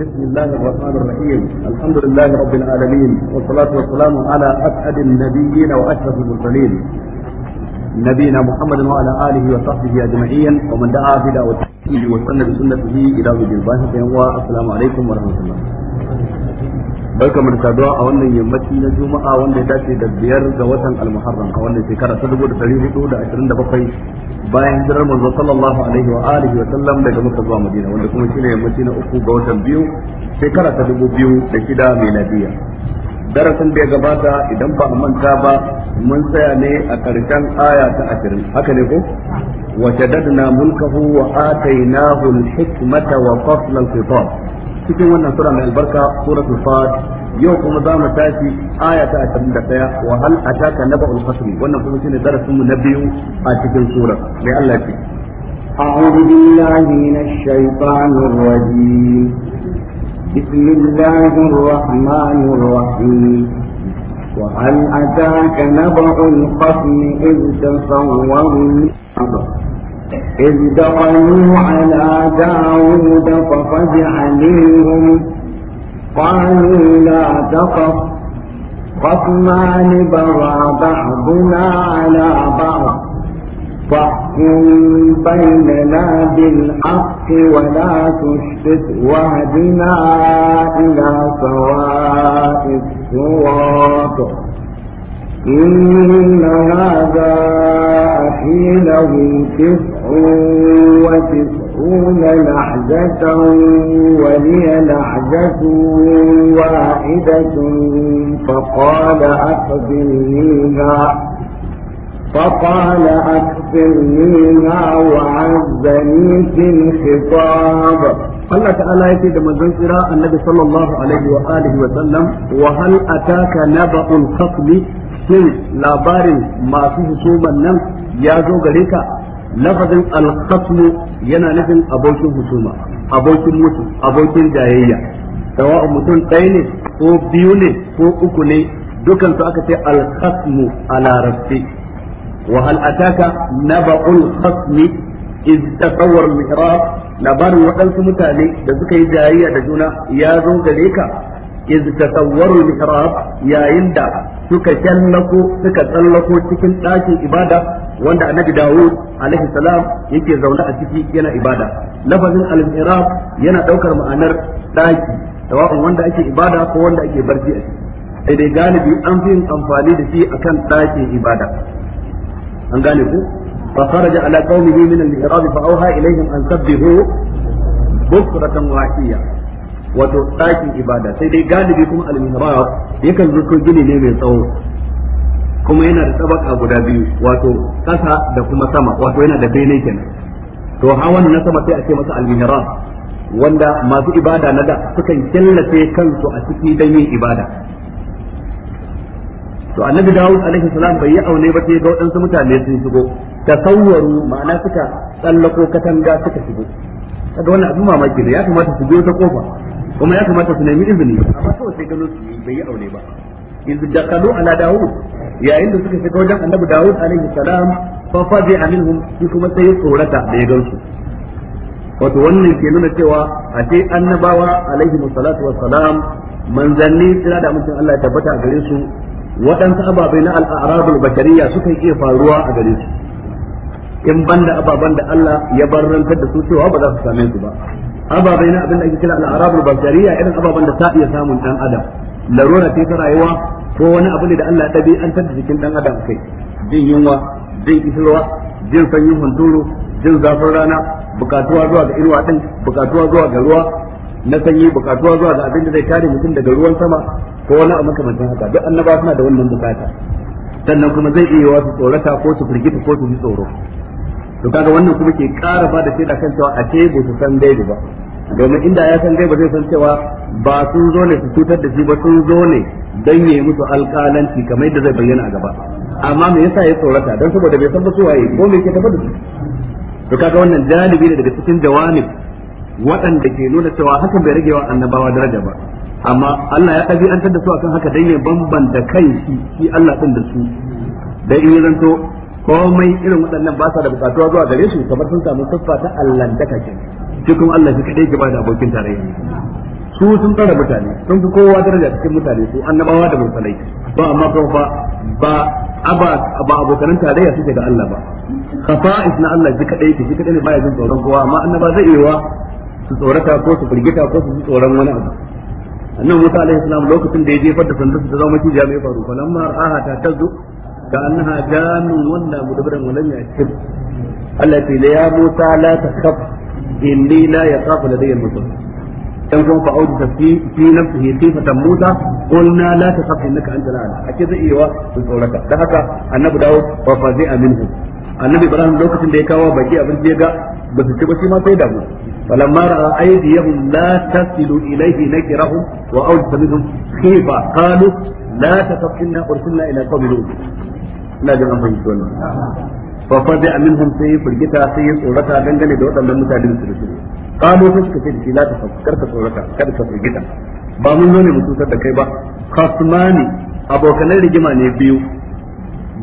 بسم الله الرحمن الرحيم الحمد لله رب العالمين والصلاة والسلام على أسعد النبيين وأشرف المرسلين نبينا محمد وعلى آله وصحبه أجمعين ومن دعا بدعوته وسن بسنته إلى وجه الباحث والسلام عليكم ورحمة الله barka mu saduwa a wannan yammaci na juma'a wanda ya dace da biyar ga watan almuharram a wannan shekara ta dubu da dari hudu da ashirin da bakwai bayan hijirar manzo sallallahu alaihi wa alihi wa sallam daga makka zuwa madina wanda kuma shine yammaci na uku ga watan biyu shekara ta dubu biyu da shida miladiya darasin da ya gabata idan ba a manta ba mun tsaya ne a ƙarshen aya ta ashirin haka ne ko wa shaddadna mulkahu wa atainahu al-hikmata wa fasla al-khitab cikin wannan sura mai albarka suratul fat yau kuma za mu tashi aya ta 21 wa hal ataka naba'ul khasmi wannan kuma shine darasin mu na biyu a cikin sura mai Allah ce أعوذ بالله من الشيطان الرجيم بسم الله الرحمن الرحيم وهل أتاك نبع الخصم إذ تصوروا إذ دخلوا على داود ففزع منهم قالوا لا تقف خصمان بغى بعضنا على بعض فاحكم بيننا بالحق ولا تشتت واهدنا إلى سواء الصراط إن هذا أخي له تسع وتسع يحجون لحجة ولي لحجة واحدة فقال أقبلنيها فقال أكفرنيها وعزني في الخطاب الله تعالى يكيد من ذكر النبي صلى الله عليه وآله وسلم وهل أتاك نبأ الخصم shin labarin ما فيه سوما نمت يا زوج ka lafazin alqasmu yana nufin abokin husuma abokin mutu abokin jayayya dawa mutum ɗaya ne ko biyu ne ko uku ne dukan su aka ce alqasmu a larabci wa hal ataka naba'ul qasmi iz tasawwar mihrab labarin waɗansu mutane da suka yi jayayya da juna ya zo gare ka iz mihrab yayin da suka kyallako suka tsallako cikin ɗakin ibada wanda annabi Dawud alaihi salam yake zaune a ciki yana ibada lafazin al-iraq yana daukar ma'anar daki tawafin wanda ake ibada ko wanda ake barci a ciki sai dai galibi an fi amfani da shi akan dakin ibada an gane ku fa kharaja ala qaumihi min al-iraq fa auha ilaihim an sabbihu bukratan wa wato dakin ibada sai dai galibi kuma al-mihrab yakan zo gini ne mai tsawo kuma yana da tabaka guda biyu wato kasa da kuma sama wato yana da bene kenan to hawan na sama sai a ce masa al-mihrab wanda masu ibada na da sukan killace kansu a ciki dan yin ibada to annabi Dawud alaihi salam bai yi aune ba sai ga waɗansu mutane sun shigo tasawwaru ma'ana suka tsallako katanga suka shigo kaga wannan abin mamaki ne ya kamata su biyo ta kofa kuma ya kamata su nemi izini amma kawai sai gano su bai yi aune ba da dakalu ala Dawud yayin da suka shiga wajen annabi Dawud alaihi salam fa fazi aminhum shi kuma sai ya tsorata da ya gansu wato wannan ke nuna cewa a sai annabawa alaihi salatu wassalam manzanni tsira da mutum Allah ya tabbata a gare su waɗansu ababai na al'arabul bashariya yi iya faruwa a gare su in banda ababan da Allah ya bar barrantar da su cewa ba za su same su ba ababai na abin da ake kira al'arabul bashariya irin ababan da ta iya samun dan adam larura ce ta rayuwa ko wani abu ne da Allah dabi an tada cikin dan adam kai jin yunwa jin kisirwa jin sanyin hunturu jin zafin rana bukatuwa zuwa ga irwa din bukatuwa zuwa ga ruwa na sanyi bukatuwa zuwa ga abin da zai kare mutum daga ruwan sama ko wani abu makamancin haka duk annaba suna da wannan bukata sannan kuma zai iya wasu tsorata ko su firgita ko su yi tsoro to kaga wannan kuma ke ƙara ba da shaida kan cewa a ce ba su san daidai ba domin inda ya san ba zai san cewa ba sun zo ne su cutar da shi ba sun zo ne dan yi musu alƙalanci kamar yadda zai bayyana a gaba amma me yasa ya tsorata don saboda bai san ba su waye ko me ke tafa da su to kaga wannan janibi ne daga cikin jawanib waɗanda ke nuna cewa hakan bai rage wa annabawa daraja ba amma Allah ya an da su akan haka dan ya bambanta kai shi shi Allah din da su dan in to komai irin waɗannan ba sa da bukatuwa zuwa gare su kamar sun samu tuffa ta allantaka shi kuma Allah shi kadai ke bada abokin tarayya su sun tsara mutane sun fi kowa daraja cikin mutane su annabawa da mursalai ba amma kuma ba ba aba ba abokan tarayya suke da Allah ba khafa'is na Allah shi kadai ke shi kadai ne ba ya jin tsoron kowa amma annaba zai iya wa su tsorata ko su firgita ko su ji tsoron wani abu annabi Musa alaihi salam lokacin da ya jefar da sandarsa ta zama kijiya mai faru Fa falamma ra'aha ta tazu ka annaha janun wanda mudabran walam ya'tib Allah ya ce ya Musa la takhaf inni la yaqafu ladayya al-mursalun dan kuma fa'udu tafi fi nafsihi khifatan Musa qulna la takhaf innaka antal a'la ake zai iya su tsoraka dan haka annabi dawo fa fazi'a minhu annabi Ibrahim lokacin da ya kawo baki abin ya ga ba su ci sai damu فلما راى ايديهم لا تصل اليه نكرهم واوجس منهم خيفه قالوا لا تخف انا ارسلنا الى قوم لوط لا جمع من fa a aminhum sai firgita sai ya tsorata dangane da waɗannan mutane da su kamo sai suka ce da shi ta kar ka tsorata ka da firgita ba mun zo ne mu tutar da kai ba kasmani abokanan rigima ne biyu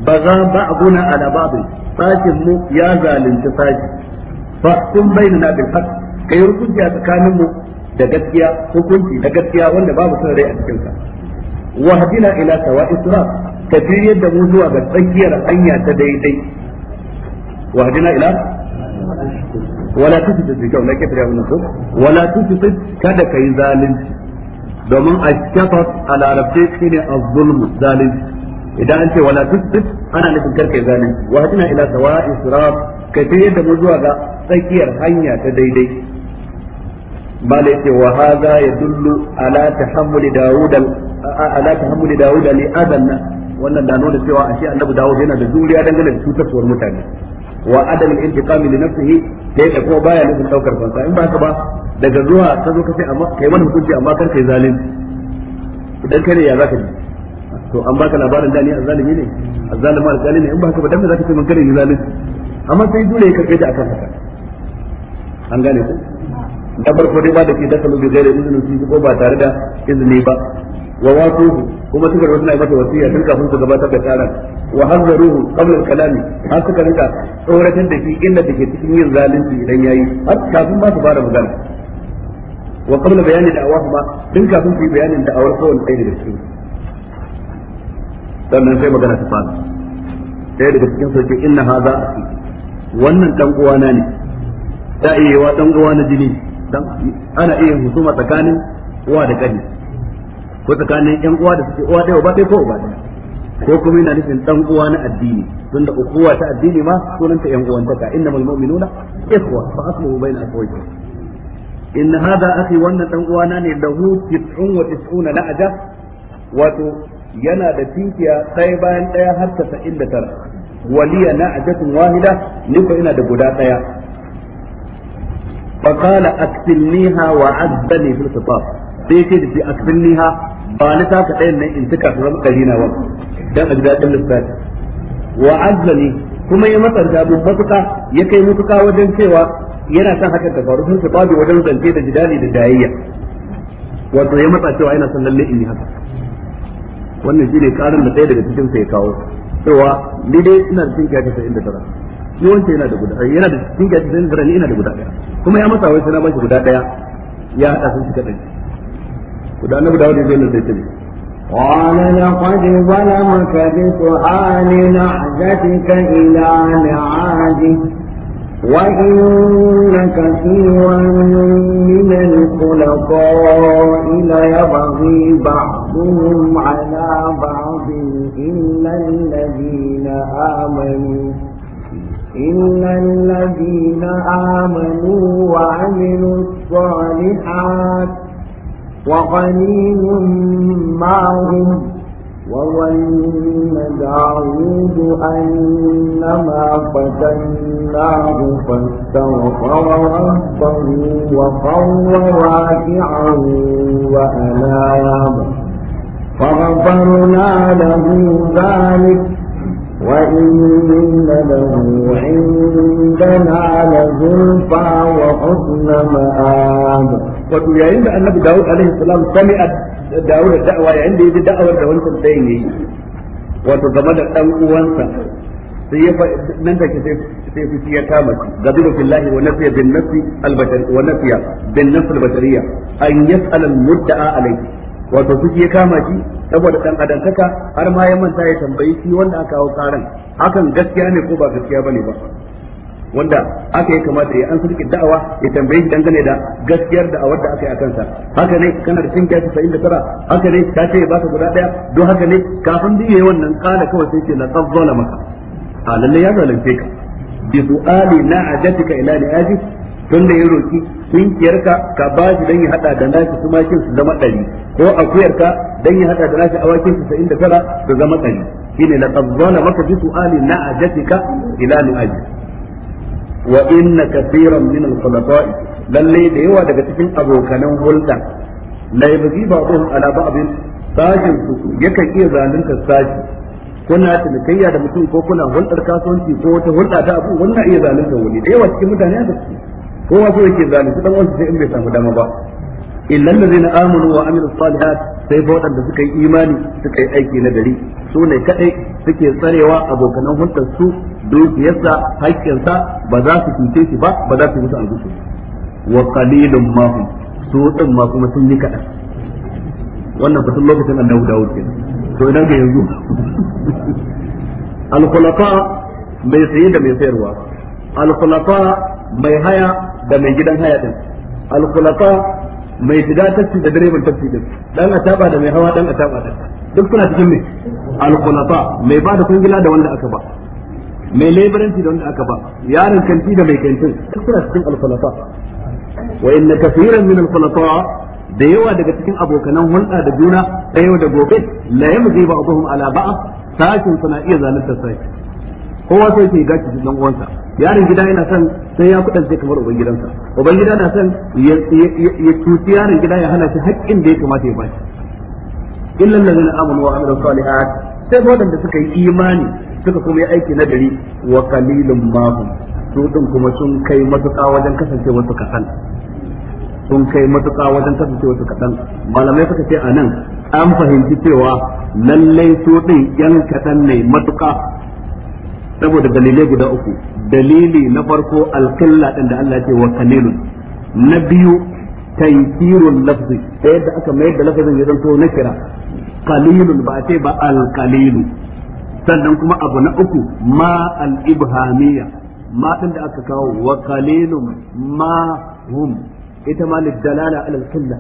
ba za ba abuna ala babin sakin mu ya zalunci saki fa kun na da haqq kai rukunci a tsakanin mu da gaskiya hukunci da gaskiya wanda babu son rai a cikin sa wa ila sawa'i sirat ka yadda mu zuwa ga tsakiyar hanya ta daidai واهدنا إلى ولا تفسد في الجو لك يا ابن ولا تفسد كذا كي ظالم a shafat a shi ne a zulmu zalim idan an ce wala tusbit ana nufin karkai zalim wa hadina ila sawa israf kai ta yadda mu zuwa ga tsakiyar hanya ta daidai ba da yake wa hadha yadullu ala tahammuli daud ala tahammuli daud li adanna wannan da nuna cewa ashe annabi dawud yana da juriya dangane da cutarwar mutane wa adam intiqami li nafsihi sai da kuma baya nufin daukar fansa in ba haka ba daga zuwa ka zo ka sai amma kai mana hukunci amma kar kai zalunci idan kai ne ya zaka ji to an baka labarin da ni azzalimi ne azzalima alqalil ne in ba haka ba dan me zaka ce mun kare ni zalunci amma sai dole ka kai da akan haka an gane ku da farko dai ba da ke da kalubi gare izinin sun ko ba tare da izini ba wa wato kuma suka rubuta na masa wasiya tun kafin su gabatar da karan wa hazzaruhu qabla al-kalami har suka rika tsoratar da shi inda take cikin yin zalunci idan yayi har kafin ma su fara magana wa qabla bayani da da'awa ma tun kafin su yi bayanin da'awar kowanne ɗaya daga cikin sannan sai magana ta fara ɗaya daga cikin sauke inna haza aki wannan dan uwana ne ta iya dan uwa na jini ana iya husuma tsakanin uwa da kani ko tsakanin yan uwa da suke uwa ɗaya ba ɗaya ko uba ɗaya ko kuma yana nufin dan uwa na addini tunda ukuwa ta addini ma sunanta yan uwantaka innamal mu'minuna ikhwa fa asluhu bayna akhawaykum in hada akhi wannan dan na ne lahu 99 na'aja wato yana da tinkiya sai bayan daya har 99 waliya na'ajatun wahida ni ko ina da guda daya فقال أكفلنيها وعذبني في الخطاب sai ce da shi akbinniha ba ni ka ɗayan nan in tuka su zama ɗari na wani dan a ji daɗin lissafi wa azzani kuma ya masa jabin matuƙa ya kai matuƙa wajen cewa yana son hakan ta faru sun su babu wajen zance da jidali da jayayya wato ya matsa cewa yana son lalle in yi haka wannan shi ne karin da ɗaya daga cikin sai kawo cewa ni dai ina da tinkiya ta inda da tara ni wancan yana da guda eh, yana da cikin ta sa'in tara ni ina da guda ɗaya kuma ya masa wai sai na shi guda ɗaya ya haɗa sun cika ɗari da annabi dawo da zai da tabi قال لقد ظلمك بسؤال نعجتك إلى نعاجه وإن كثيرا من الخلقاء ليبغي بعضهم على بعض إلا الذين آمنوا إلا الذين آمنوا وعملوا الصالحات وقليل معهم وظن داود أنما فتناه فاستغفر ربه وقر راكعا وأناب فغفرنا له ذلك وإن له عندنا لزلفى وحسن مآب wato yayin da annabi Dawud alaihi salam sami Dawud da'awa yayin da yaji da'awar da wancan tsayin yayi wato game da dan uwansa sai ya nan da ke sai fushi ya kama gazibu billahi wa nafiya bin nafsi albashar wa nafiya bin nafsi albashariya an yas'al almudda'a alayhi wato su ya kama shi saboda dan adantaka har ma ya manta ya tambayi shi wanda aka kawo karan hakan gaskiya ne ko ba gaskiya bane ba wanda aka yi kamata ya an sarki da'awa ya tambaye shi dangane da gaskiyar da da'awar da aka yi a kansa haka ne kana da cinkiya tasa'in da tara haka ne ta ce ya baka guda daya don haka ne kafin duk yayi wannan kala kawai sai ce laqad zalamaka a lalle ya zalunce ka bi su'ali na ajatika ila aji tun da ya roki cinkiyarka ka ba shi dan ya hada da nashi tumakin su zama ɗari ko akuyarka don ya hada da nashi awakin tasa'in da tara su zama ɗari shine na laqad maka bi su'ali na ajatika ila aji. wa inna kaseeran min al-khulafa'i lalle da yawa daga cikin abokanan hulɗa la yabghi ba'dhum ala ba'dhin sajin su yakan iya zalunta saji kuna tunkayya da mutum ko kuna hulɗar kasuwanci ko wata hulɗa ta abu wannan iya zalunta wani da yawa cikin mutane da su kowa so yake zalunta dan wasu sai in bai samu dama ba illa allazina amanu wa amilus salihat sai fa wadanda suka yi imani suka yi aiki na gari su ne kadai suke tsarewa abokanan hulɗar su yasa, haƙƙinsa ba za su cuce shi ba ba za su musu albusu wa qalilum ma hum su din ma kuma sun yi kadan wannan fitin lokacin annabi Dawud kenan to idan ga yanzu al-khulafa mai sayi da mai sayarwa al-khulafa mai haya da mai gidan haya din al-khulafa mai shiga taxi da direban taxi din dan a ataba da mai hawa dan a ataba da duk suna cikin me al mai ba da kungila da wanda aka ba mai leburanci da wanda aka ba yaron kanti da mai kantin duk suna cikin al wa inna kaseeran min al-khulafa da yawa daga cikin abokanan hulɗa da juna da yau da gobe la yamzi ba'dhum ala ba'd sashin suna iya zalunta sashi kowa sai ke ga cikin dan uwansa yaron gida yana son sai ya sai kamar uban gidansa uban gida na son ya cuci yaron gida ya hana shi haƙƙin da ya kamata ya bashi illal na amanu wa amilus salihat sai waɗanda suka yi imani suka kuma yi aiki na gari wa qalilum ma hum su din kuma sun kai matuƙa wajen kasance wasu kasan sun kai matuƙa wajen kasance wasu kasan malamai suka ce anan an fahimci cewa lallai su din yan kaɗan ne matuƙa saboda dalilai guda uku dalili na farko alƙalla ɗin da Allah ce wa kalilun na biyu tankirun lafzi ta yadda aka mayar da lafazin ya zanto na kira kalilun ba ce ba alkalilu sannan kuma abu na uku ma al-ibhamiyya ma ɗin da aka kawo wa kalilun ma hum ita ma lidalala alal alƙilla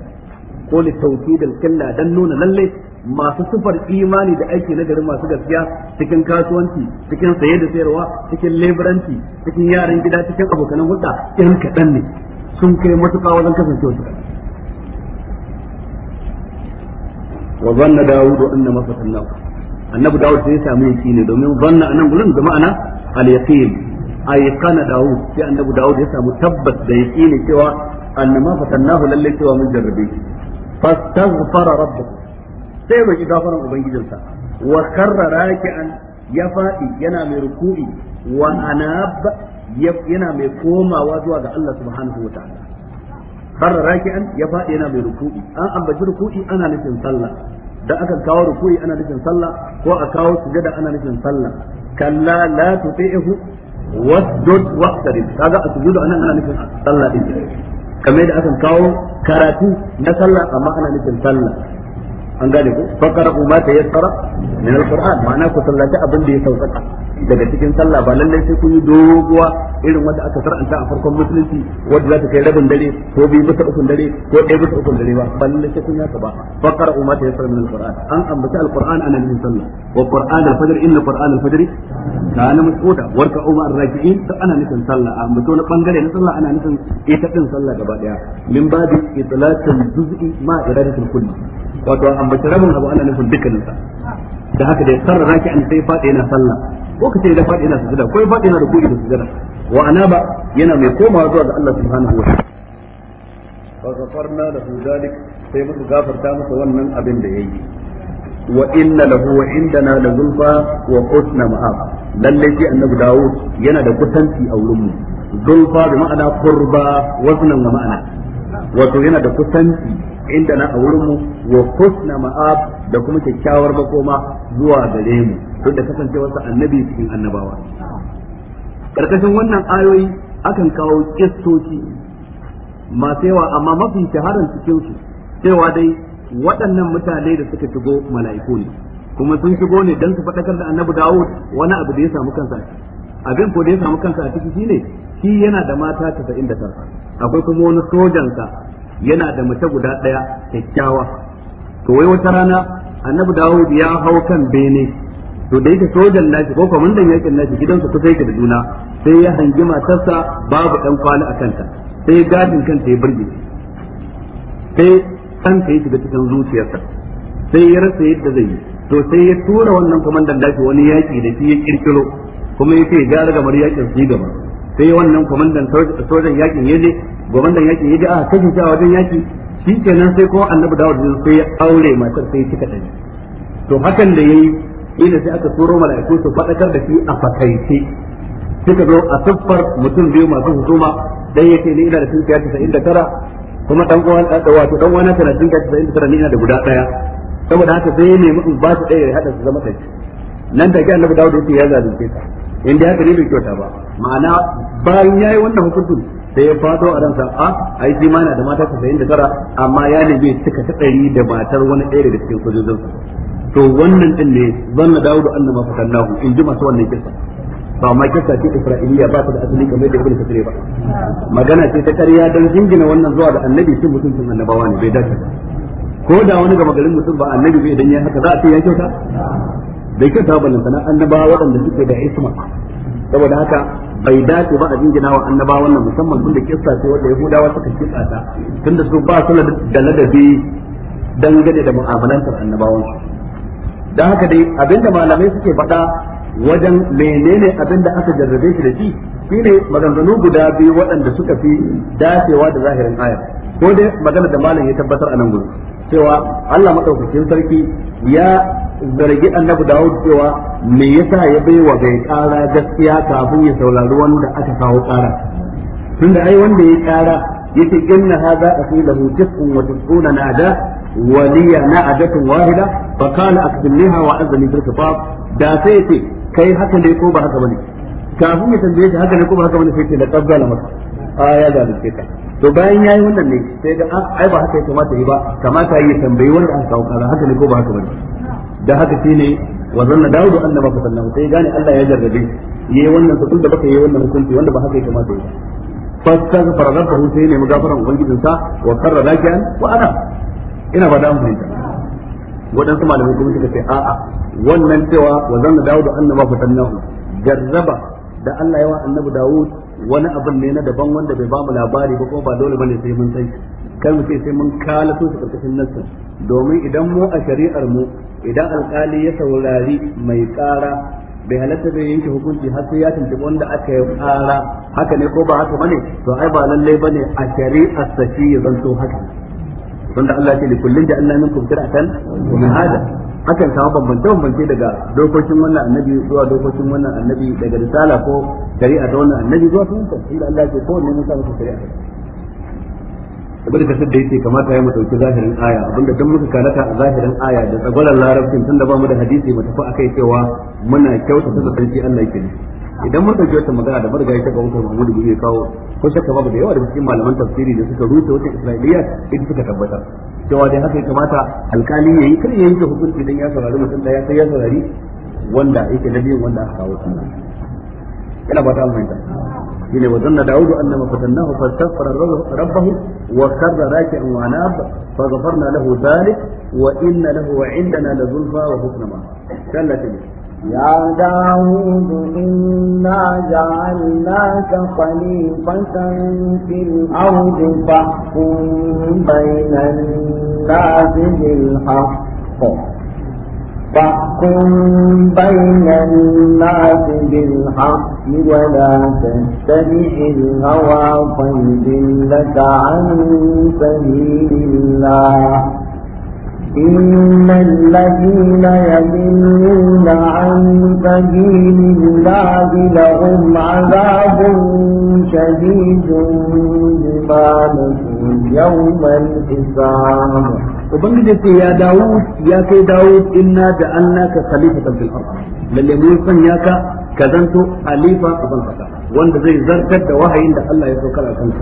ko litawkid alƙilla dan nuna lallai masu sufar imani da aiki na garin masu gaskiya cikin kasuwanci cikin saye da sayarwa cikin leburanci cikin yaran gida cikin abokanan hulɗa yan kaɗan ne sun kai matuƙa wajen kasancewa su kaɗan wa zanna dawudu anna mafatanna annabi dawud sai ya samu yaki ne domin zanna anan gurin da ma'ana al yaqin ayqana dawud sai annabi dawud ya samu tabbas da yaki ne cewa annama fatannahu lalle cewa mun jarrabe shi fastaghfara rabbukum sai roki gafaran ubangijinsa wa karra raki'an ya faɗi yana mai ruku'i wa anab yana mai komawa zuwa ga Allah subhanahu wa ta'ala karra raki'an ya faɗi yana mai ruku'i an ambaci ruku'i ana nufin sallah da aka kawo ruku'i ana nufin sallah ko a kawo sujada ana nufin sallah kalla la tuti'hu wasdud waqtarib kaga asjudu anan ana nufin sallah din kamar da aka kawo karatu na sallah amma ana nufin sallah an gane ku fakara ma ta yassara min alquran ma'ana ku sallaci abin da ya sauƙaƙa daga cikin sallah ba lallai sai ku yi doguwa irin wanda aka saranta a farkon musulunci wanda za ta kai rabin dare ko biyu bisa ukun dare ko ɗaya bisa ukun dare ba ba sai kun yaka ba fakara ma ta yassara min alquran an ambata alquran ana min sallah wa qur'an alfajr inna qur'an alfajr kana masquta warka umma arrajiin to ana nufin sallah a ambaci wani bangare na sallah ana nufin ita din sallah gaba daya min babi itlatul juz'i ma iradatul kulli wato ambaci rabin abu ana nufin dukkanin sa da haka da sarra raki an sai fadi yana sallah ko kace da fadi yana sujada ko fadi yana ruku'i da sujada wa ba yana mai komawa zuwa ga Allah subhanahu wa ta'ala fa ghafarna lahu dalik sai muka gafarta masa wannan abin da yayi wa inna lahu wa indana la zulfa wa husna ma'ab lalle shi annabi dawud yana da kusanci a wurin mu zulfa da ma'ana qurba wasnan wa ma'ana wato yana da kusanci inda na a wurin mu wa husna ma'ab da kuma kyakkyawar makoma zuwa gare mu duk da kasancewarsa annabi cikin annabawa karkashin wannan ayoyi akan kawo kistoci masu yawa amma mafi cikin su cewa dai waɗannan mutane da suka shigo mala'iku ne kuma sun shigo ne don su faɗakar da annabi dawud wani abu da ya samu kansa abin ko da ya samu kansa a ciki shine shi yana da mata casa'in da tara akwai kuma wani sojansa yana da mace guda ɗaya kyakkyawa to wai wata rana annabi dawud ya hau kan bene to da yake sojan nashi ko kwamandan yakin nashi gidansa kusa yake da juna sai ya hangi matarsa babu dan kwali a kanta sai gadin kanta ya burge sai kanka ya shiga cikin zuciyarsa sai ya rasa yadda zai yi to sai ya tura wannan kwamandan dashi wani yaki da shi ya kirkiro kuma ya ce ya ga gamar yakin su gaba sai wannan kwamandan sojan yakin ya je kwamandan yakin ya je a kashe shi a wajen yaki shi kenan sai kuma annabi dawud sai ya aure matar sai cika ɗari to hakan da yayi ina sai aka turo mala'iku su faɗakar da shi a fakaice suka zo a tuffar mutum biyu masu husuma dan yace ni ina da da tara kuma dan uwan da wato dan uwana tana da tara ni ina da guda daya saboda haka sai ya nemi in ba su daya ya hada su zama kai nan take annabi dawud yace ya zalunce ta inda haka ne bai kyauta ba ma'ana bayan ya yi wannan hukuncin sai ya fado a ransa a ai shi mana da mata tara amma ya ne bai cika ta ɗari da matar wani ɗaya daga cikin sojojinsa to wannan din ne zanna dawo da annama fatannahu in ji masu wannan kisa ba ma kisa ce isra'iliya ba ta da asali kamar da ibn kasir ba magana ce ta ƙarya don jingina wannan zuwa da annabi shi mutuncin annabawa ne bai dace ko da wani gaba garin mutum ba annabi bai dan ya haka za a ce ya kyauta da ke ta ballanta na annabawa waɗanda suke da isma saboda haka bai dace ba a jingina wa annabawa wannan musamman tun da kissa ce wanda yahudawa suka kitsa ta tun da su ba su da ladabi dangane da mu'amalantar annabawan su dan haka dai abinda malamai suke faɗa wajen menene abinda aka jarrabe shi da shi shine maganganu guda biyu waɗanda suka fi dacewa da zahirin ayar ko dai magana da malam ya tabbatar a nan gudu cewa Allah madaukakin sarki ya zargi annabi Dawud cewa me yasa ya baiwa bai kara gaskiya kafin ya saurari wanda aka kawo kara tunda ai wanda ya kara yake inna hadha aqilahu tis'un wa tis'una nada wa liya na'adatun wahida fa kana aqbilha wa azli bil khitab da sai yace kai haka ne ko ba haka bane kafin ya tambaye shi haka ne ko ba haka bane sai ce da qabbala maka a ya zalunce ka to bayan yayi wannan ne sai ga ah, ai ba haka ya kamata yi ba kamata yi tambayi wanda aka kawo kaza haka ne ko ba haka bane da haka shine wa zanna dawudu annama fatallahu sai gane Allah ya jarrabe yayi wannan sabul tunda baka yayi wannan hukunci wanda ba haka ya kamata yi fastaghfar rabbahu sai ne magafaran ubangijinsa wa karra rakian wa ana ina ba da mu fahimta waɗansu malamai kuma suka ce a'a wannan cewa wa zanna dawudu annama fatannahu jarraba da Allah ya wa annabi dawud wani abin ne na daban wanda bai bamu labari ba ko ba dole bane sai mun san kar mu sai mun kala su karkashin nassin domin idan mu a shari'ar mu idan alƙali ya saurari mai ƙara bai halatta bai yanke hukunci har sai ya tuntuɓi wanda aka yi ƙara haka ne ko ba haka bane to ai ba lallai bane a shari'ar sa shi ya zanto haka wanda Allah ya ce likullin da Allah minkum shir'atan wa ma'ada akan samu bambance-bambance daga dokokin wannan annabi zuwa dokokin wannan annabi daga risala ko shari'a da wannan annabi zuwa sun inda Allah ke ko ne mutum su shari'a abin da kasar da yake kamata ya mu dauki zahirin aya abinda duk muka kalata a zahirin aya da tsagwaron larabcin tunda ba mu da hadisi mu tafi akai cewa muna kyautata ta sarki Allah yake ne idan mun dauki wata magana da marigayi ta kawunta Muhammadu Buhari kawo ko shakka babu da yawa da cikin malaman tafsiri da suka rusa wata Isra'iliya idan suka tabbata cewa dai haka ya kamata alkali yayi kar ya yanke hukunci idan ya saurari mutum da ya sai ya saurari wanda yake da biyan wanda aka kawo shi ina ba ta almanta shine wa zanna daudu annama fatannahu fastaghfara rabbahu wa karra raki'an wa anab faghfarna lahu dhalik wa inna lahu 'indana lazulfa wa husna ma sallatu يا داود إنا جعلناك خليفة في الأرض فاحكم بين الناس بالحق فاحكم بين الناس بالحق ولا تتبع الهوى فيضلك عن سبيل الله إن الذين يمنون عن سبيل الله لهم عذاب شديد بما نسوا يوم الحساب Ubangiji ya dawo ya kai dawo inna da Allah ka khalifatan fil ardh lalle mun san ya ka ka zanto khalifa a ban wanda zai zartar da wahayin da Allah ya saukar a kanka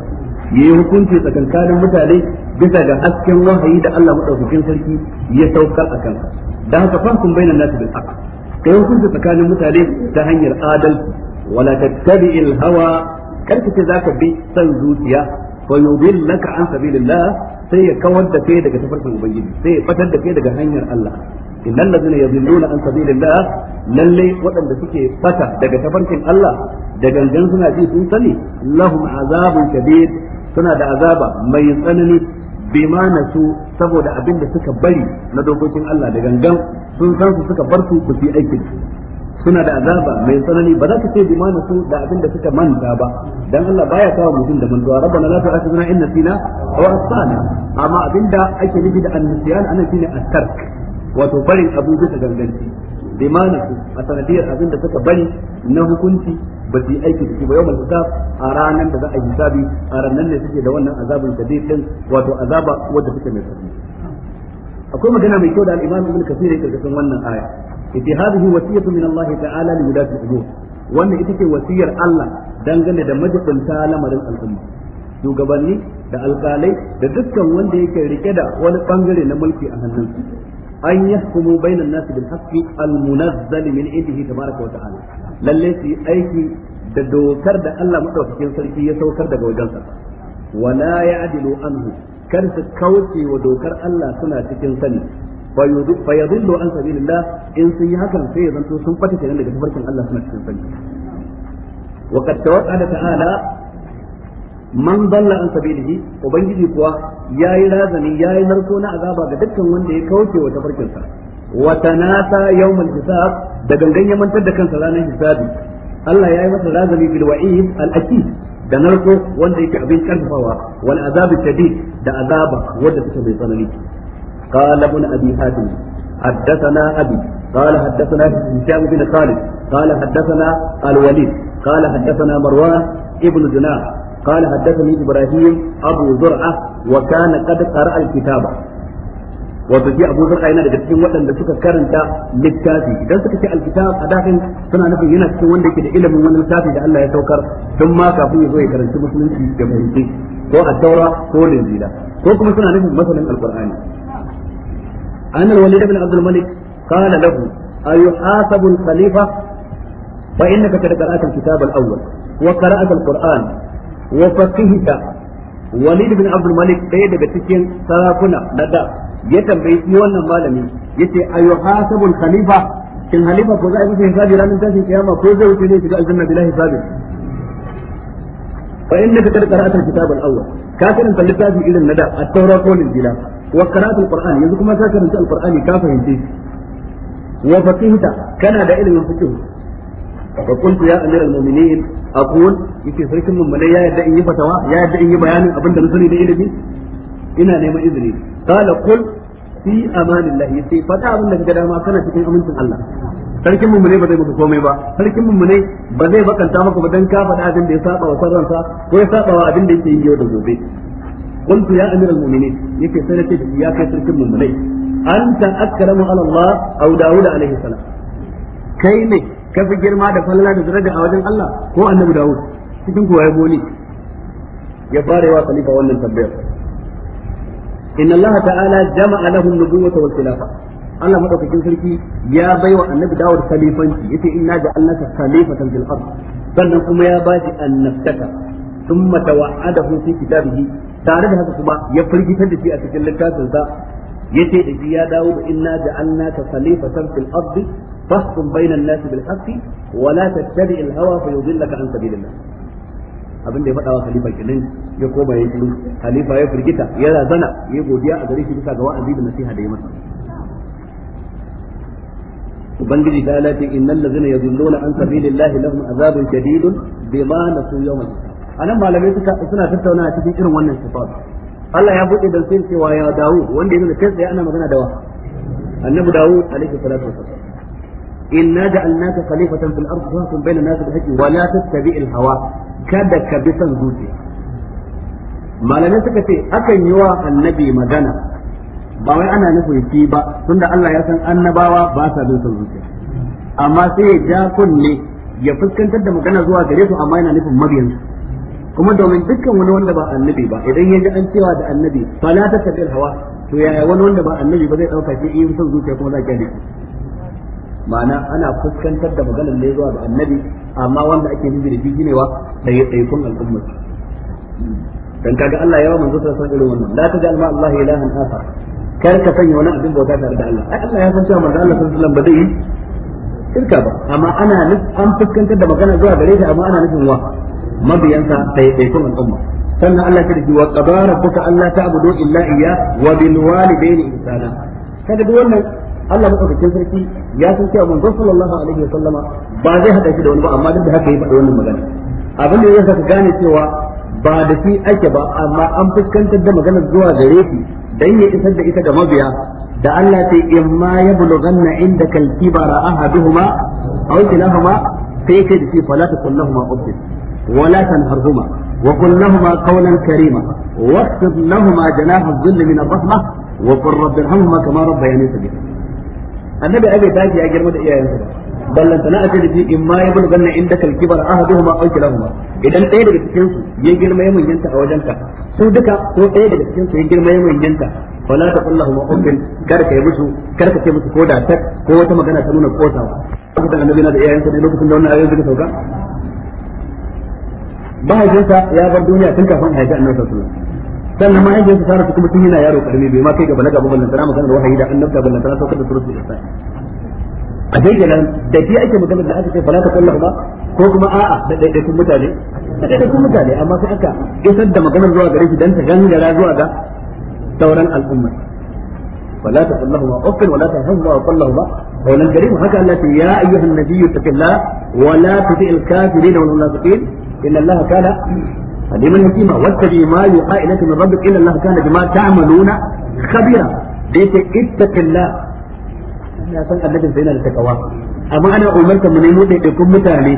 yayi hukunci tsakankanin mutane bisa ga hasken wahayi da Allah madaukakin sarki ya saukar a kansa dan haka fahkum bainan nas bil haqq kai hukunci tsakanin mutane ta hanyar adalci wala tattabi'il hawa karka ce zaka bi san zuciya fa yudillaka an sabilillah sai ya kawar da kai daga tafarkin ubangiji sai ya fatar da kai daga hanyar Allah innal yadhilluna an sabilillah lalle waɗanda suke fata daga tafarkin Allah da gangan suna ji sun sani lahum azabun kabir suna da azaba mai tsanani bima nasu saboda abin da suka bari na dokokin Allah da gangan sun san su suka bar su ku yi aikin suna da azaba mai tsanani ba za ka ce bima nasu da abin da suka manta ba dan Allah baya kawo mutum da mantuwa rabbana la tu'akhidhna in nasina aw akhtana amma abinda ake nufi da an-nisyan ana shine at-tark wato barin abu bisa ganganci bima a sanadiyar abin da suka bari na hukunci ba su yi aiki da ba hisab a ranar da za a yi hisabi a ranar ne suke da wannan azabin shadid din wato azaba wanda suke mai tsari akwai magana mai kyau da alimam imam Ibn Kathir ya karkashin wannan aya yace hadhihi wasiyatu min Allah ta'ala li wulati al-umur wannan ita ce wasiyar Allah dangane da majibinta lamarin al'umma shugabanni da alkalai da dukkan wanda yake rike da wani bangare na mulki a hannunsa an yahkumu bainan nasi bil haqqi al munazzal min indihi tabaraka wa ta'ala lalle su aiki da dokar da Allah madaukakin sarki ya saukar daga wajensa wala ya'dilu anhu kar su kauce wa dokar Allah suna cikin sani fa yadullu an sabilillah in sun yi hakan sai ya sun fata kenan daga tafarkin Allah suna cikin sani wa qad tawaqqala ta'ala man dalla an sabilihi ubangiji kuwa yayi razani yayi narko na azaba ga dukkan wanda ya kauce wa tafarkin sa wa tanasa yawmal hisab da gangan ya mantar da kansa ranar hisabi Allah yayi masa razani bil wa'id al akid da narko wanda yake abin karfafawa wal azab shadid da azaba wanda take mai tsanani qala ibn abi hatim حدثنا أبي قال حدثنا هشام بن خالد قال حدثنا الوليد قال حدثنا مروان Ibn جناح قال حدثني إبراهيم أبو زرعة وكان قد قرأ الكتابة wato shi Abu Zurqa yana cikin waɗanda suka karanta littafi idan suka ce alkitab a dafin suna nufin yana cikin wanda yake da ilimin wani littafi da Allah ya saukar tun ma kafin ya zo ya karanci musulunci da musulunci ko a taura ko linjila ko kuma suna nufin masanin alqur'ani an al-walid ibn abdul malik qala lahu ayuhasabu al-khalifa fa innaka qad qara'ta al-kitab al-awwal wa qara'ta al-qur'an wa faqihta Walid bin Abdul Malik ɗaya daga cikin sarakuna na da ya tambayi shi wannan malami yace ayuhasabul khalifa kin khalifa ko za a yi masa hisabi ranar tashin kiyama ko zai wuce ne shiga aljanna bilahi hisabi fa innaka qad qara'ta al-kitab al-awwal ka karanta littafin irin na da at-taura ko injila wa qara'ta al yanzu kuma ka karanta al-qur'ani ka fahimce wa faqihta kana da ilimin fiqh fa qultu ya amir a muminin aqul yace sarkin mummunai ya yadda in yi fatawa ya yadda in yi bayanin abin da na ilimi ina neman izini qala qul fi amanillah yace fada abin da kaga dama kana cikin amincin Allah sarkin mu ba zai maka komai ba sarkin mu ba zai bakanta maka ba dan ka faɗa abin ya ya da yi yau da gobe قلت يا امير المؤمنين يكي سنه يا كسر كم من انت اكرم على الله او داود عليه السلام كيني ka fi girma da falala da daraja a wajen Allah ko annabi Dawud cikin kuwa ya goni ya fara wa khalifa wannan tambayar inna Allah ta'ala jama'a lahu an-nubuwwata wal khilafa Allah madaukakin sarki ya bai wa annabi Dawud khalifanci yace inna ja'alnaka khalifatan fil ard sannan kuma ya bashi annabtaka thumma tawa'adahu fi kitabihi tare da haka kuma ya firgitar da shi a cikin littafin littafinsa yace da shi ya dawo da inna ja'alnaka khalifatan fil ard فاحكم بين الناس بالحق ولا تتبع الهوى فيضلك عن سبيل الله abin da ya faɗa wa khalifa kenan ya koma ya yi khalifa ya firgita ya razana ya godiya a gare shi bisa ga wa'azi da nasiha da ya masa ubangiji ta lati innal ladzina yadulluna an sabilillahi lahum azabun shadidun bima nasu yawmal anan malamai suka suna tattauna a cikin irin wannan sifat Allah ya buɗe da sun cewa ya Dawud wanda yana da kansa ana magana da wa annabi Dawud alaihi salatu wasallam inna ja'alnaka khalifatan fil ardi fahkum bainan nasi bil haqqi wa la tattabi'il hawa kada ka bi san zuciya malamai suka ce akan yi wa annabi magana ba wai ana nufin shi tunda Allah ya san annabawa ba sa bin san zuciya amma sai ya ja kunne ya fuskantar da magana zuwa gare su amma yana nufin mabiyansu kuma domin dukkan wani wanda ba annabi ba idan ya ji an cewa da annabi fala ta tabil hawa to yaya wani wanda ba annabi ba zai dauka shi in zuciya kuma za ka ma'ana ana fuskantar da maganar ne zuwa ga annabi amma wanda ake nufi da shi ne wa ɗaiɗaikun al'umma. dan kaga Allah yawa manzo ta san irin wannan la tajal ma Allah ilahan akhar kar ka sanya wani abin bauta tare da Allah ai Allah ya san cewa manzo Allah sallallahu alaihi wasallam ba zai irka ba amma ana an fuskantar da magana zuwa gare shi amma ana nufin wa mabiyansa ɗaiɗaikun al'umma sannan Allah ya dace wa qadara kuka Allah ta'budu illa iyyah wa bil walidayni ihsana kada duk wannan Allah madaukakin sarki ya san cewa manzon sallallahu alaihi wa sallama ba zai hada shi da wani ba amma duk da haka yi faɗa wannan magana abin da yasa ka gane cewa ba da shi ake ba amma an fuskantar da magana zuwa gare shi dan ya isar da ita ga mabiya da Allah sai in ma yablughanna indaka al-kibara ahaduhuma aw kilahuma sai kai da shi fala taqul lahumu uffin wala tanharhuma wa qul lahumu qawlan karima واخفض لهما جناح الذل من الرحمه وقل رب ارحمهما كما ربياني صغيرا annabi ai bai tashi ya girma da iyayensa ballan sana a ce in ma ya bulu ganna inda kalkibar ahaduhuma aw kilahuma idan ɗaya daga cikin su ya girma ya manyanta a wajenka su duka ko ɗaya daga cikin su ya girma ya manyanta wala ta kullahu ma ubbin kar ka yi musu kar ka ce musu ko da tak ko wata magana ta nuna kosawa lokacin annabi na da iyayensa ne lokacin da wannan ayoyin suka sauka mahaifinsa ya bar duniya tun kafin a haifi annabi sallallahu alaihi wasallam sannan ma yanzu ta rasu kuma tun yana yaro karami bai ma kai ga balaga ba ballan sana maganar wahayi da annabta ballan sana saukar da suratul ihsan a dai nan da shi ake maganar da aka ce fala ta kullahu ba ko kuma a'a da daidaitun mutane da daidaitun mutane amma sai aka isar da maganar zuwa gare shi dan ta gangara zuwa ga sauran al'umma فلا تقل لهما اف ولا تنهما وقل لهما قولا كريما هكا التي يا ايها النبي اتق الله ولا تطع الكافرين والمنافقين ان الله كان aliman hakima wattabi ma yuha ilaka min rabbik illa Allah kana bima ta'maluna khabira da yake ittaqillah ya san annabin sai yana da takawa amma ana umarta mu ne mu dai kun mutane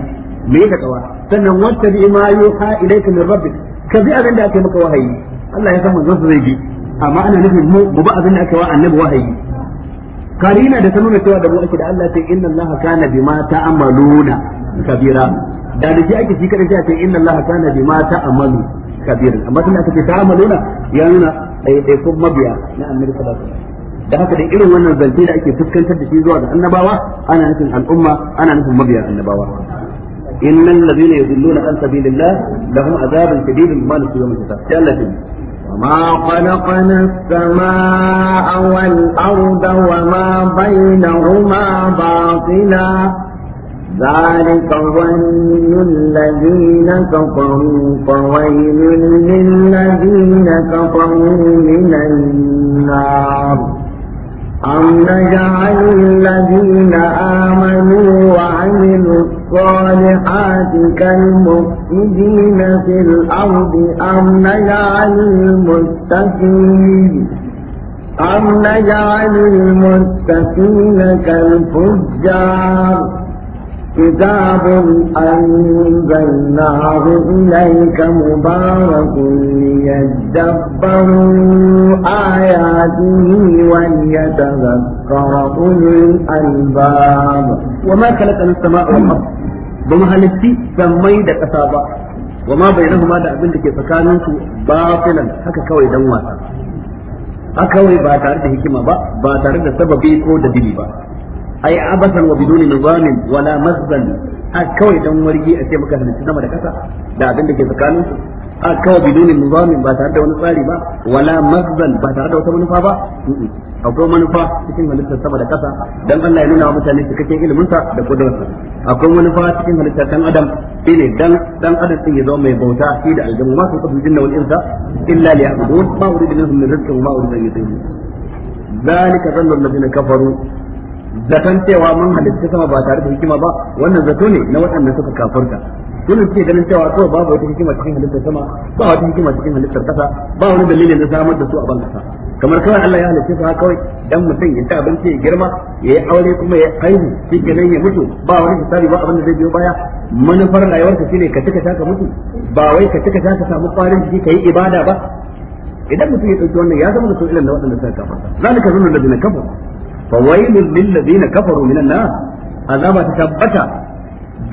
me takawa sannan wattabi ma yuha ilaka min rabbik ka bi abin da aka maka wahayi Allah ya san manzon sa zai bi amma ana nufin mu mu ba abin da aka wa annabi wahayi karina da sanuna cewa da mu ake da Allah sai inna Allah kana bima ta'maluna kabira da da shi ake shi kada sai a ce inna allaha kana bima amalu kabir amma tunda aka ce ta ta'maluna ya nuna ɗaiɗaikun mabiya na annabi sallallahu alaihi wasallam da haka da irin wannan zance da ake fuskantar da shi zuwa ga annabawa ana nufin al'umma ana nufin mabiya annabawa inna ladina yudilluna an sabilillah lahum azabun shadidun bima nasu yawmal hisab sai Allah وما خلقنا السماء والأرض وما بينهما باطلا ذلك ظن الذين كفروا فويل للذين كفروا من النار أم نجعل الذين آمنوا وعملوا الصالحات كالمفسدين في الأرض أم نجعل المتقين أم نجعل المتقين كالفجار كتاب أنزلناه إليك مبارك ليدبروا آياته وليتذكر أولو الألباب وما خلقنا السماء والأرض بما بمهلتي سميد كتابا وما بينهما da abin da ke tsakaninsu batilan haka kawai dan wasa haka kawai ba tare da hikima ay abasan wa biduni nizamin wala mazban a kawai dan wargi a ce muka halitta sama da kasa da abin da ke tsakanin su a kawai biduni nizamin ba tare da wani tsari ba wala mazban ba tare da wata manufa ba akwai manufa cikin halitta sama da kasa dan Allah ya nuna wa mutane kake ilimin sa da sa akwai manufa cikin halitta dan adam ne dan dan adam din ya zama mai bauta shi da aljanna ma su tafi jinna wal insa illa liya'budun ma uridu minhum min rizqin ma uridu an yutimu ذلك ظن الذين كفروا zaton cewa mun halitta sama ba tare da hikima ba wannan zato ne na waɗanda suka kafarta kuma suke ganin cewa ko babu wata hikima cikin halittar sama ba wata hikima cikin halittar ƙasa ba wani dalili na samar da su a ban kasa kamar kawai Allah ya halitta su kawai dan mutum ya ta abinci ya girma ya yi aure kuma ya haihu shi kenan ya mutu ba wani hisabi ba abin da zai biyo baya manufar rayuwarsa shine ka tuka ta ka mutu ba wai ka tuka ta ka samu kwarin jiki ka yi ibada ba idan mutum ya ɗauki wannan ya zama da su irin da waɗanda suka kafa zalika zunnu da bin kafa fa wailul lil ladina kafaru minan nar ta tabbata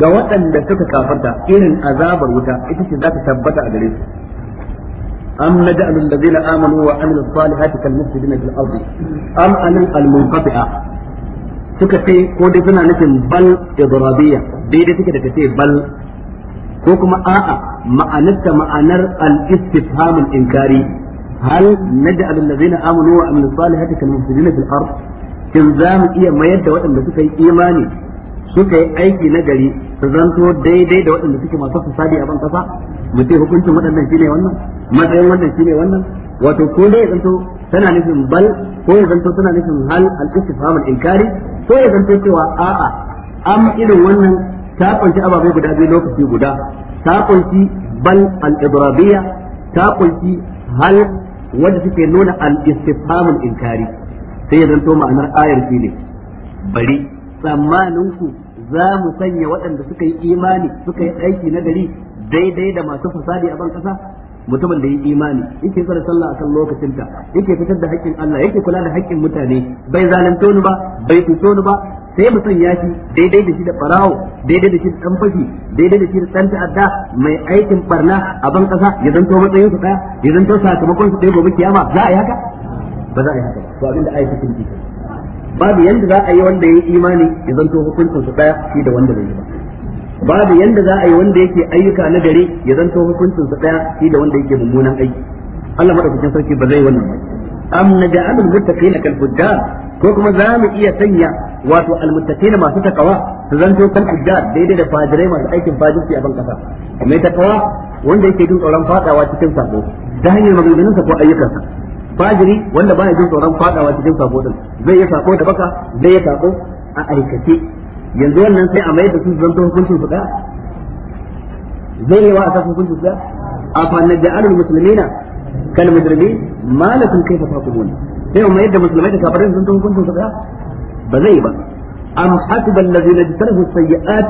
ga waɗanda suka kafarta irin azabar wuta ita ce za ta tabbata a gare su أم نجعل الذين آمنوا وعملوا الصالحات كالمفسدين في الأرض أم أنا المنقطعة suka ce ko dai suna nufin bal idrabiyya daidai suka da ce bal ko kuma a'a ma'anarta ma'anar al-istifham al-inkari hal na naj'al allazina amanu wa amilus salihati kal mufsidina fil ard shin za mu iya mayar da waɗanda suka yi imani suka yi aiki na gari su zanto daidai da waɗanda suke masu fasadi a ban kasa mu ce hukuncin waɗannan shine wannan matsayin wannan shine wannan wato ko dai ya zanto tana nufin bal ko ya zanto tana nufin hal al-istifham inkari ko ya zanto cewa a'a am irin wannan ta kunshi ababai guda biyu lokaci guda ta kunshi bal al-idrabiyya ta kunshi hal wanda suke nuna al istifhamul inkari sai ya zanto ma'anar ayar shi ne bari ku za mu sanya waɗanda suka yi imani suka yi aiki na gari daidai da masu fasadi a ban ƙasa mutumin da yi imani yake tsara sallah akan lokacinta yake fitar da haƙƙin Allah yake kula da haƙƙin mutane bai zalunto ni ba bai fito ni ba sai mu sanya shi daidai da shi da barawo daidai da shi da dan daidai da shi da tsanta ta'adda mai aikin barna a ban ƙasa ya zanto matsayin su daya ya zanto sakamakon su daya gobe kiyama za a yi haka ba za a yi haka ba to abinda ayi cikin cikin babu yanda za a yi wanda ya yi imani ya zanto hukuncin su daya shi da wanda bai yi ba babu yanda za a yi wanda yake ayyuka na gari ya zanto hukuncin su daya shi da wanda yake mummunan aiki Allah madaukakin sarki ba zai wannan ba am naj'alul muttaqina kal fujjar ko kuma za mu iya sanya wato almuttaqina masu takawa su zanto kan fujjar daidai da fajirai masu aikin fajirci a ban kasa mai takawa wanda yake jin tsoron fadawa cikin sabo ta hanyar maganganunsa ko ayyukansa fajiri wanda baya jin tsoron fadawa cikin sabo din zai ya sako da baka zai ya sako a aikace yanzu wannan sai a mai da su zanto hukuncin su daya zai wa a kasu hukuncin su daya a fannin ja'alul muslimina kal mujrimi ta kayfa ne sai a mai da musulmai da kafirin zanto hukuncin su daya ba zai ba am hasiba allazina jtarahu sayiat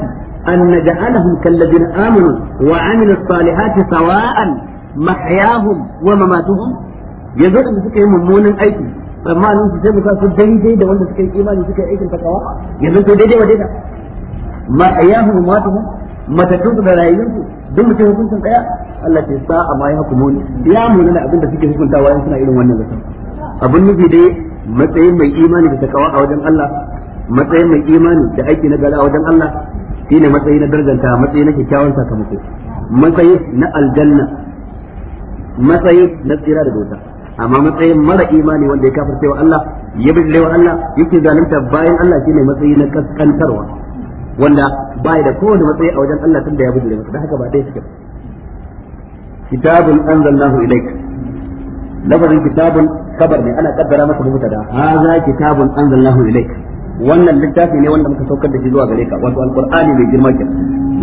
an naj'alahum kal ladina amanu wa amilu salihati sawa'an mahyahum wa mamatuhum yanzu wanda suka yi mummunan aiki tsammanin su sai mu su daidai da wanda suka yi imani suka yi aikin takawa yanzu sai daidai wa daida ma ayyahu mata matatun da su duk mutum hukuncin daya Allah ce sa a ma ya hukumuni ya muna da abin da suke hukuntawa yan suna irin wannan zaton abin nufi dai matsayin mai imani da takawa a wajen Allah matsayin mai imani da aiki na gari a wajen Allah ne matsayi na darganta matsayi na kyakkyawan sakamako matsayi na aljanna matsayi na tsira da dota amma matsayin mara imani wanda ya kafirce wa Allah ya bi wa Allah yake zalunta bayan Allah shine matsayi na kaskantarwa wanda bai da kowane matsayi a wajen Allah tunda ya bijire masa da haka ba dai suke kitabun anzalnahu ilayka lafazin kitabun kabar ne ana kaddara masa da hadha kitabun anzalnahu ilayka wannan littafi ne wanda muka saukar da shi zuwa gare ka wato alqur'ani mai girma ke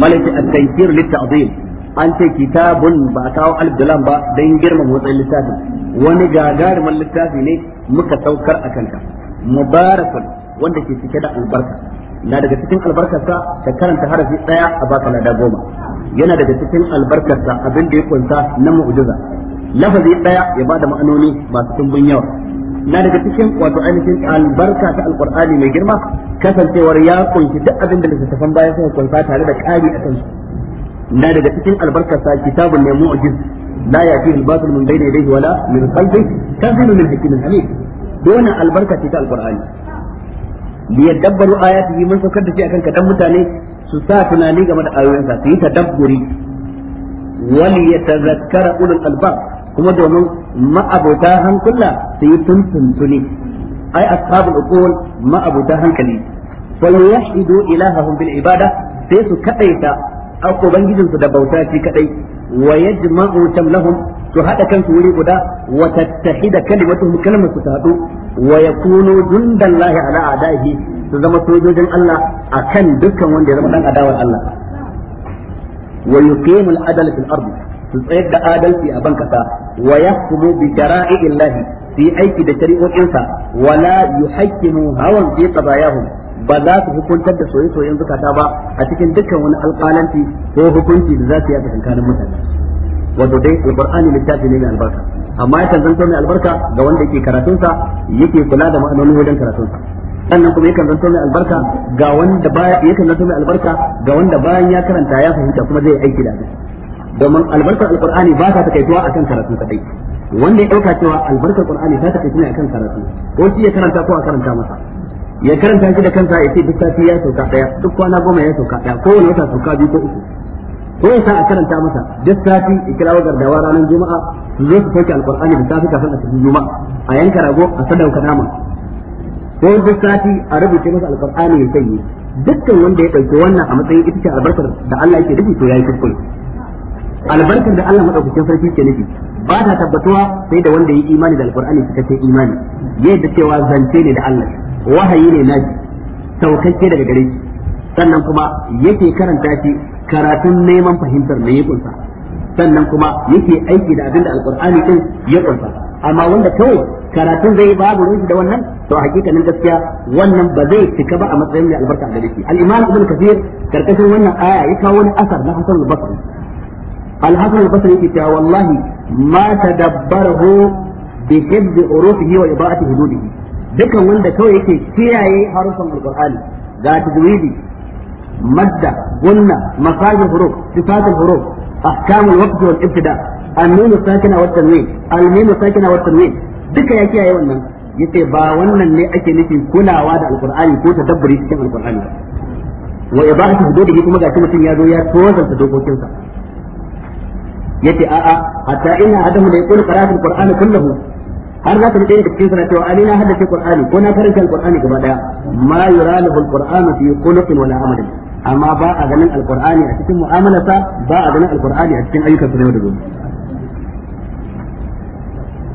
malaka at-taysir lit-ta'dhim an ce kitabun ba a kawo alif da ba don girma matsayin littafin wani gagarumin littafi ne muka saukar a kanka mubarakun wanda ke cike da albarka na daga cikin albarkarsa ta karanta harafi daya a baka lada goma yana daga cikin albarkarsa abin da ya kunsa na mu'jiza lafazi daya ya bada ma'anoni masu tumbin yawa na daga cikin wato ainihin albarka ta alqur'ani mai girma kasancewar ya kunshi duk abin da littattafan baya suka kunsa tare da kari a kansu na daga cikin albarka sa kitabun ne mu'jiz la ya'tihi al-batil min bayni yadayhi wala min khalfihi tanzilu min hakimin hamid dole albarka ce ta alqur'ani li yadabbaru ayatihi mun saukar da shi akan kadan mutane su sa tunani game da ayoyinsa su yi tadabburi wal yatadhakkara ulul albab kuma domin ma'abota hankula su yi tuntuntuni ai ashabul uqul ma'abota hankali fal yahidu ilahahum bil ibada sai su kadaita ubangijin su da bauta shi kadai wa yajma'u lahum su hada kansu wuri guda wa tattahida kalimatuhum kalmatu su hadu wa yakunu jundallahi ala a'dahi su zama sojojin Allah akan dukkan wanda ya zama dan adawar Allah wa yuqimu al-adala fil ardi su tsayar da adalci a ban kasa wa yahkumu bi shara'i illahi fi aiki da shari'o'insa wala yuhaqqimu hawan fi qadayahum ba za su hukuntar da soyayyen zukata ba a cikin dukkan wani alƙalanci ko hukunci da za su yi a tsakanin mutane wato dai alqur'ani littafi ne mai albarka amma ya zanto mai albarka ga wanda yake karatunsa yake kula da ma'anonin wajen karatunsa sannan kuma yakan zanto mai albarka ga wanda baya yakan zanto mai albarka ga wanda bayan ya karanta ya fahimta kuma zai aiki da shi domin albarkar alqur'ani ba ta takaituwa akan karatu kadai wanda ya dauka cewa albarkar qur'ani ta takaituwa akan karatu ko shi ya karanta ko a karanta masa ya karanta shi da kansa ya ce duk sati ya sauka daya duk kwana goma ya sauka daya ko wani wata sauka biyu ko uku ko ya sa a karanta masa duk sati ikirawo gardawa ranar juma'a su zo su sauke al'kur'ani da safi kafin a tafi juma'a a yanka rago a sadauka nama ko duk sati a rubuce masa al'kur'ani ya sanye dukkan wanda ya ɗauki wannan a matsayin ita ce albarkar da Allah yake nufi to yi kuskure albarkar da Allah madaukakin sarki ke nufi ba ta tabbatuwa sai da wanda ya yi imani da al'kur'ani alqur'ani cikakken imani yadda cewa zance ne da Allah wahayi ne na saukakke daga gare shi sannan kuma yake karanta shi karatun neman fahimtar me ya kunsa sannan kuma yake aiki da abin da alqur'ani din ya kunsa amma wanda kawai karatun zai babu ruwan da wannan to hakikanin gaskiya wannan ba zai cika ba a matsayin mai albarka da shi al-imam ibn kathir karkashin wannan aya ya kawo wani asar na hasan al-basri al-hasan al-basri yake cewa wallahi ma tadabbaruhu bi hifz urufihi wa ibaati hududihi dukan wanda kawai yake kiyaye harufan alqur'ani ga tajwidi madda gunna masajid huruf sifat huruf ahkam alwaqt wal ibtida النون الساكنه والتنوين الميم الساكنه والتنوين duka ya kiyaye wannan yace ba wannan ne ake nufi kulawa da alqur'ani ko tadabburi cikin alqur'ani wa idahatu hududihi kuma ga mutum ya zo ya tozanta dokokinsa yace a'a hatta inna adamu la yaqulu qira'atul qur'ani kullahu har za ka ji ɗaya da cikin suna cewa ani na haddace qur'ani ko na karanta alqur'ani gaba daya ma yuralahu alqur'anu fi qulubin wala amalin amma ba a ganin alqur'ani a cikin mu'amalarsa ba a ganin alqur'ani a cikin ayyukan sa yau da gobe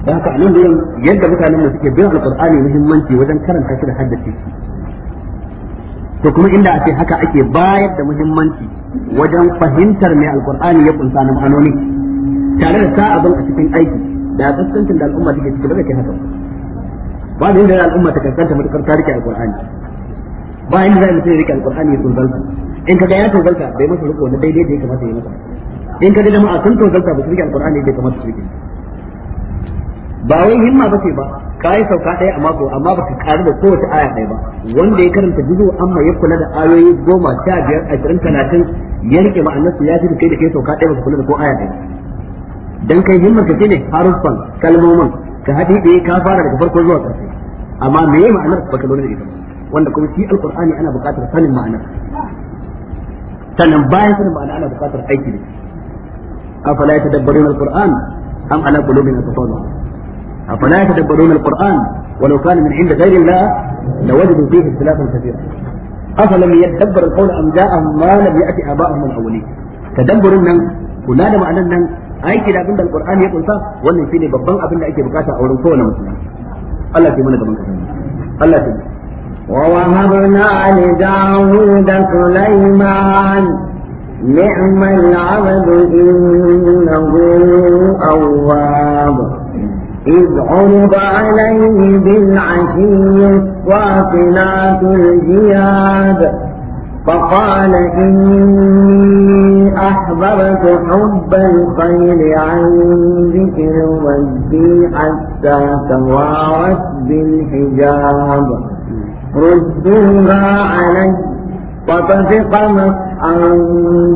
da haka anan gurin yadda mutanen mu suke bin alqur'ani muhimmanci wajen karanta shi da haddace shi to kuma inda a ce haka ake bayar da muhimmanci wajen fahimtar mai alqur'ani ya kunsa na ma'anoni tare da sa abin a cikin aiki da kaskancin da al'umma take ciki da ke haka ba da yadda al'umma ta kaskanta matukar ta rike alqur'ani ba inda zai mutum ya rike alqur'ani ya tunzalta in ka ga ya tunzalta bai masa riko na daidai da ya kamata ya masa in kaga jama'a sun tunzalta ba su rike alqur'ani da ya kamata su rike ba wai himma ba ce ba ka yi sauka ɗaya a mako amma ba ka ƙari da kowace aya ɗaya ba wanda ya karanta juzo amma ya kula da ayoyi goma sha biyar ashirin talatin ya rike ma'anarsu ya fi kai da kai sauka ɗaya ba ka kula da ko aya ɗaya dan kai himmar ka shine haruffan kalmomin ka haɗe da ka fara daga farko zuwa ƙarshe amma me ya ma'anar baka lura da ita wanda kuma shi alqur'ani ana buƙatar sanin ma'anar sannan bayan sanin ma'ana ana buƙatar aiki da afala yatadabbarun alqur'an am ala qulubin aqfalha afala yatadabbarun alqur'an ولو كان من عند غير الله لوجدوا فيه اختلافا كثيرا أفلم يدبر القول أم جاءهم ما لم يأت آباءهم الأولين تدبر النم كنا da ma'anar nan aiki da abinda alqur'ani ya kunsa wannan shine babban abin da ake bukata a wurin kowane musulmi Allah ya mana gaban ka Allah ya ووهبنا لداود سليمان نعم العبد إنه أواب إذ عرض عليه بالعشي الصافنات الجياد فقال إني أحببت حب الخير عن ذكر ربي حتى توارت بالحجاب ردوها علي وتفق مسحا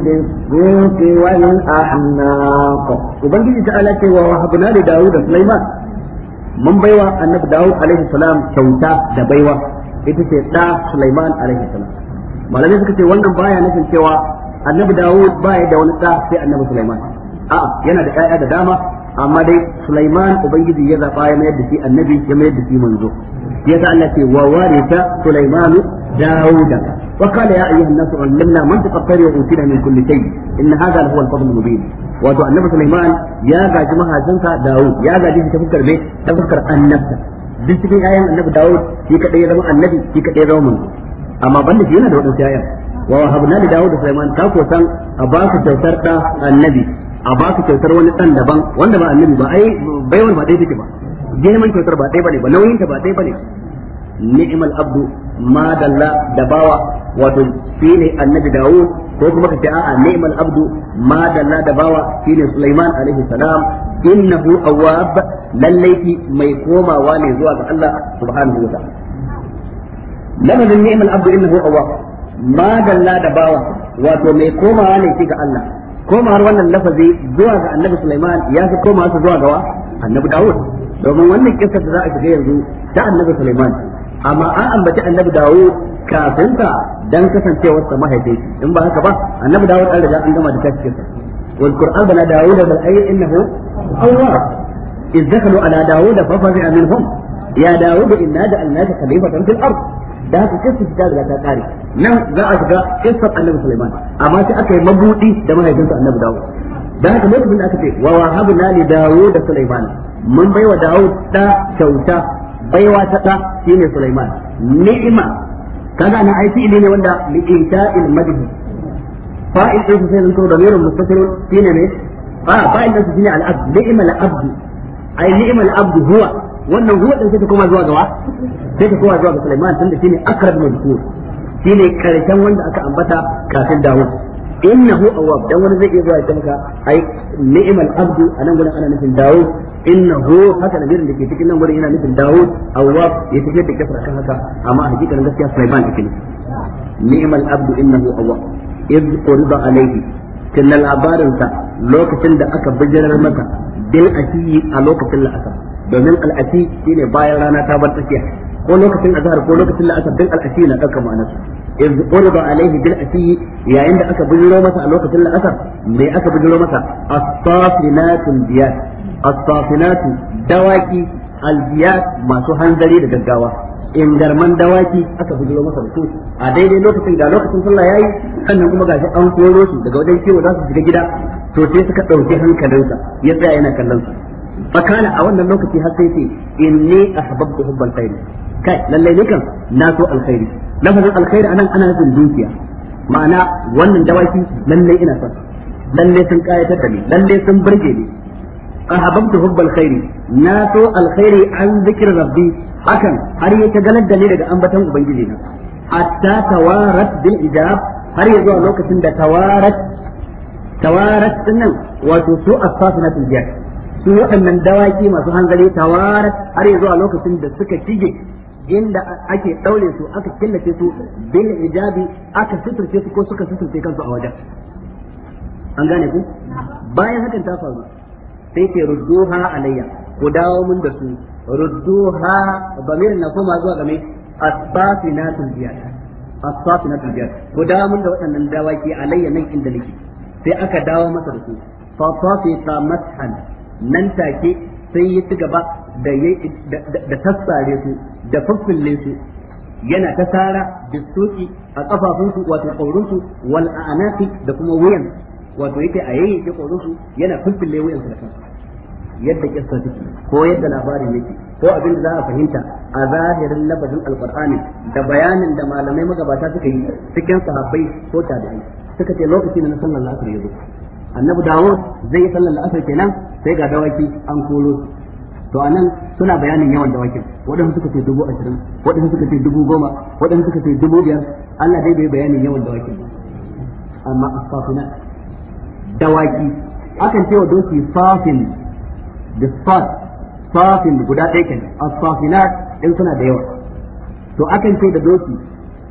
بالسوق والأحناق وبنجي تعالى ووهبنا لداود سليمان من بيوى أنك داود عليه السلام كوتا دبيوة إذا سيدا سليمان عليه السلام malamai suka ce wannan baya nufin cewa annabi dawud baya da wani da sai annabi sulaiman a'a yana da ƴaƴa da dama amma dai sulaiman ubangiji ya zaba ya mayar da shi annabi ya mayar da shi manzo yasa Allah ce wa warisa sulaimanu dawuda wa qala ya ayyuhan nasu allamna mantaqa tariya utina min kulli shay in hadha huwa al-fadl al-mubin wato annabi sulaiman ya gaji mahajinsa dawud ya gaji ta fuskar me ta fuskar annabta duk cikin ayan annabi dawud shi kadai zama annabi zama amma banda shi yana da wadansu ƴaƴan wa wahabna li dawud sulaiman ta ko san a ba ka kyautar da annabi a ba ka kyautar wani dan daban wanda ba annabi ba ai baiwar ba dai take ba girman kyautar ba dai bane ba nauyin ta ba dai bane ni'mal abdu ma dalla da bawa wato shine annabi dawud ko kuma ka ce a'a ni'mal abdu ma dalla da bawa shine sulaiman alaihi salam innahu awwab lallai mai komawa ne zuwa ga Allah subhanahu wa ta'ala lamarin ni'mal abdu innahu awwab ma dalla da bawa wato mai komawa ne shi ga Allah komawar wannan lafazi zuwa ga annabi Sulaiman ya fi komawa su zuwa ga wa annabi Dawud domin wannan kissa da za a shiga yanzu ta annabi Sulaiman amma an ambaci annabi Dawud kafin ka dan kasancewar sa mahaifi in ba haka ba annabi Dawud an riga an gama da kissa والقرآن بلا داود بل أي إنه أواب إذ دخلوا على داود ففزع منهم يا داود إنا جعلناك خليفة في الأرض da haka kissa ta riga ta kare nan za a shiga kissa annabi Sulaiman amma sai aka yi mabudi da mahaifinsa annabi Dawud da haka lokacin da aka ce wa wahabna li Dawud da Sulaiman mun baiwa Dawud da kyauta baiwa ta ta shine Sulaiman ni'ima kaga na aiki ne wanda li ita'il madhi fa'il din sai zan to da mirin mustatirun shine ne a ah, fa'il din shine al-abd ni'ima al-abd ai ni'ima al-abd huwa wannan huwa din sai ta koma zuwa gawa sai ta koma zuwa ga Sulaiman tunda shine akrab mazkur shine karshen wanda aka ambata kafin Dawud innahu awwab dan wani zai iya zuwa ya ce maka ai ni'mal abdu anan gurin ana nufin Dawud innahu haka da birin da ke cikin nan gurin yana nufin Dawud awwab ya tafi da kasar kan haka amma a hakikanin gaskiya Sulaiman take ne ni'mal abdu innahu awwab iz qurba alayhi tunda labarinsa lokacin da aka bijirar masa bil asiyi a lokacin la'asar domin al'asi shine bayan rana ta bar tsakiya ko lokacin azhar ko lokacin la'asar bil al'asi na ɗaukar ma'anarsa iz urida alaihi bil asiyi yayin da aka bijiro masa a lokacin la'asar me aka bijiro masa as-safinatun biyat as-safinatu dawaki al-biyat masu hanzari da gaggawa In garman dawaki aka bujiro masa da su a daidai lokacin da lokacin sallah yayi sannan kuma gashi an koro su daga wajen kiwo za su shiga gida to sai suka dauki hankalinsa ya tsaya yana kallon su fakala a wannan lokaci har sai ce inni ahbabtu hubbal khair kai lalle ne kan na so alkhairi lafazin alkhairi anan ana nufin dukiya ma'ana wannan dawaki lalle ina son lalle sun kayatar da ni lalle sun burge ni ahbabtu hubbal khairi na so alkhairi an zikir rabbi hakan har ya galar da ni daga ambaton ubangiji na atta tawarat bil ijab har ya zuwa lokacin da tawarat tawarat nan wato su asfasinatul jiyar su waɗannan dawaki masu hanzari tawarat har ya zuwa lokacin da suka shige inda ake ɗaure su aka killace su bil ijabi aka suturce su ko suka suturce kansu a wajen an gane ku bayan hakan ta faru sai ke rudduha alayya ku dawo mun da su rudduha bamir na koma zuwa game asbafinatul biyata asbafinatul biyata ku dawo mun da waɗannan dawaki alayya nan inda nake sai aka dawo masa da su fa ta mathan nan take sai ya ci gaba da da tassare su da faffulle su yana ta tara bistoki a kafafunsu wato kaurinsu wal anaki da kuma wuyan wato yake a yayyake kaurinsu yana wuyan su da kansu yadda kissa take ko yadda labarin yake ko abin da za a fahimta a zahirin lafazin alqur'ani da bayanin da malamai magabata suka yi cikin sahabbai ko tabi'ai suka ce lokacin da na sallar la'asar yazo annabi dawud zai yi sallar la'asar kenan sai ga dawaki an koro to a nan suna bayanin yawan dawakin waɗansu suka ce dubu ashirin waɗansu suka ce dubu goma waɗansu suka ce dubu biyar Allah dai bai bayanin yawan dawakin amma asfafina dawaki akan ce wa doki safin bisfat safin guda ɗaya kenan as-safinat suna da yawa to akan ce da doki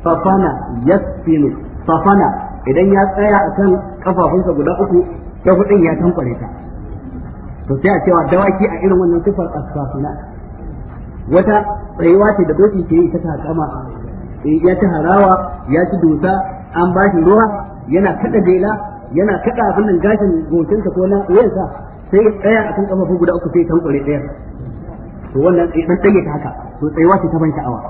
safana yasfinu safana idan ya tsaya akan kafafunsa guda uku ta hudun ya tankware ta to sai a cewa dawaki a irin wannan sifar as wata tsayuwa ce da doki ke yi ta takama ya ci harawa ya ci dusa an ba shi ruwa yana kada jela yana kada abin nan gashin gotinsa ko na wuyansa sai tsaya kan kafafu guda uku sai tankware ɗaya to wannan dan dage ta haka to tsayuwa ce ta ban sha'awa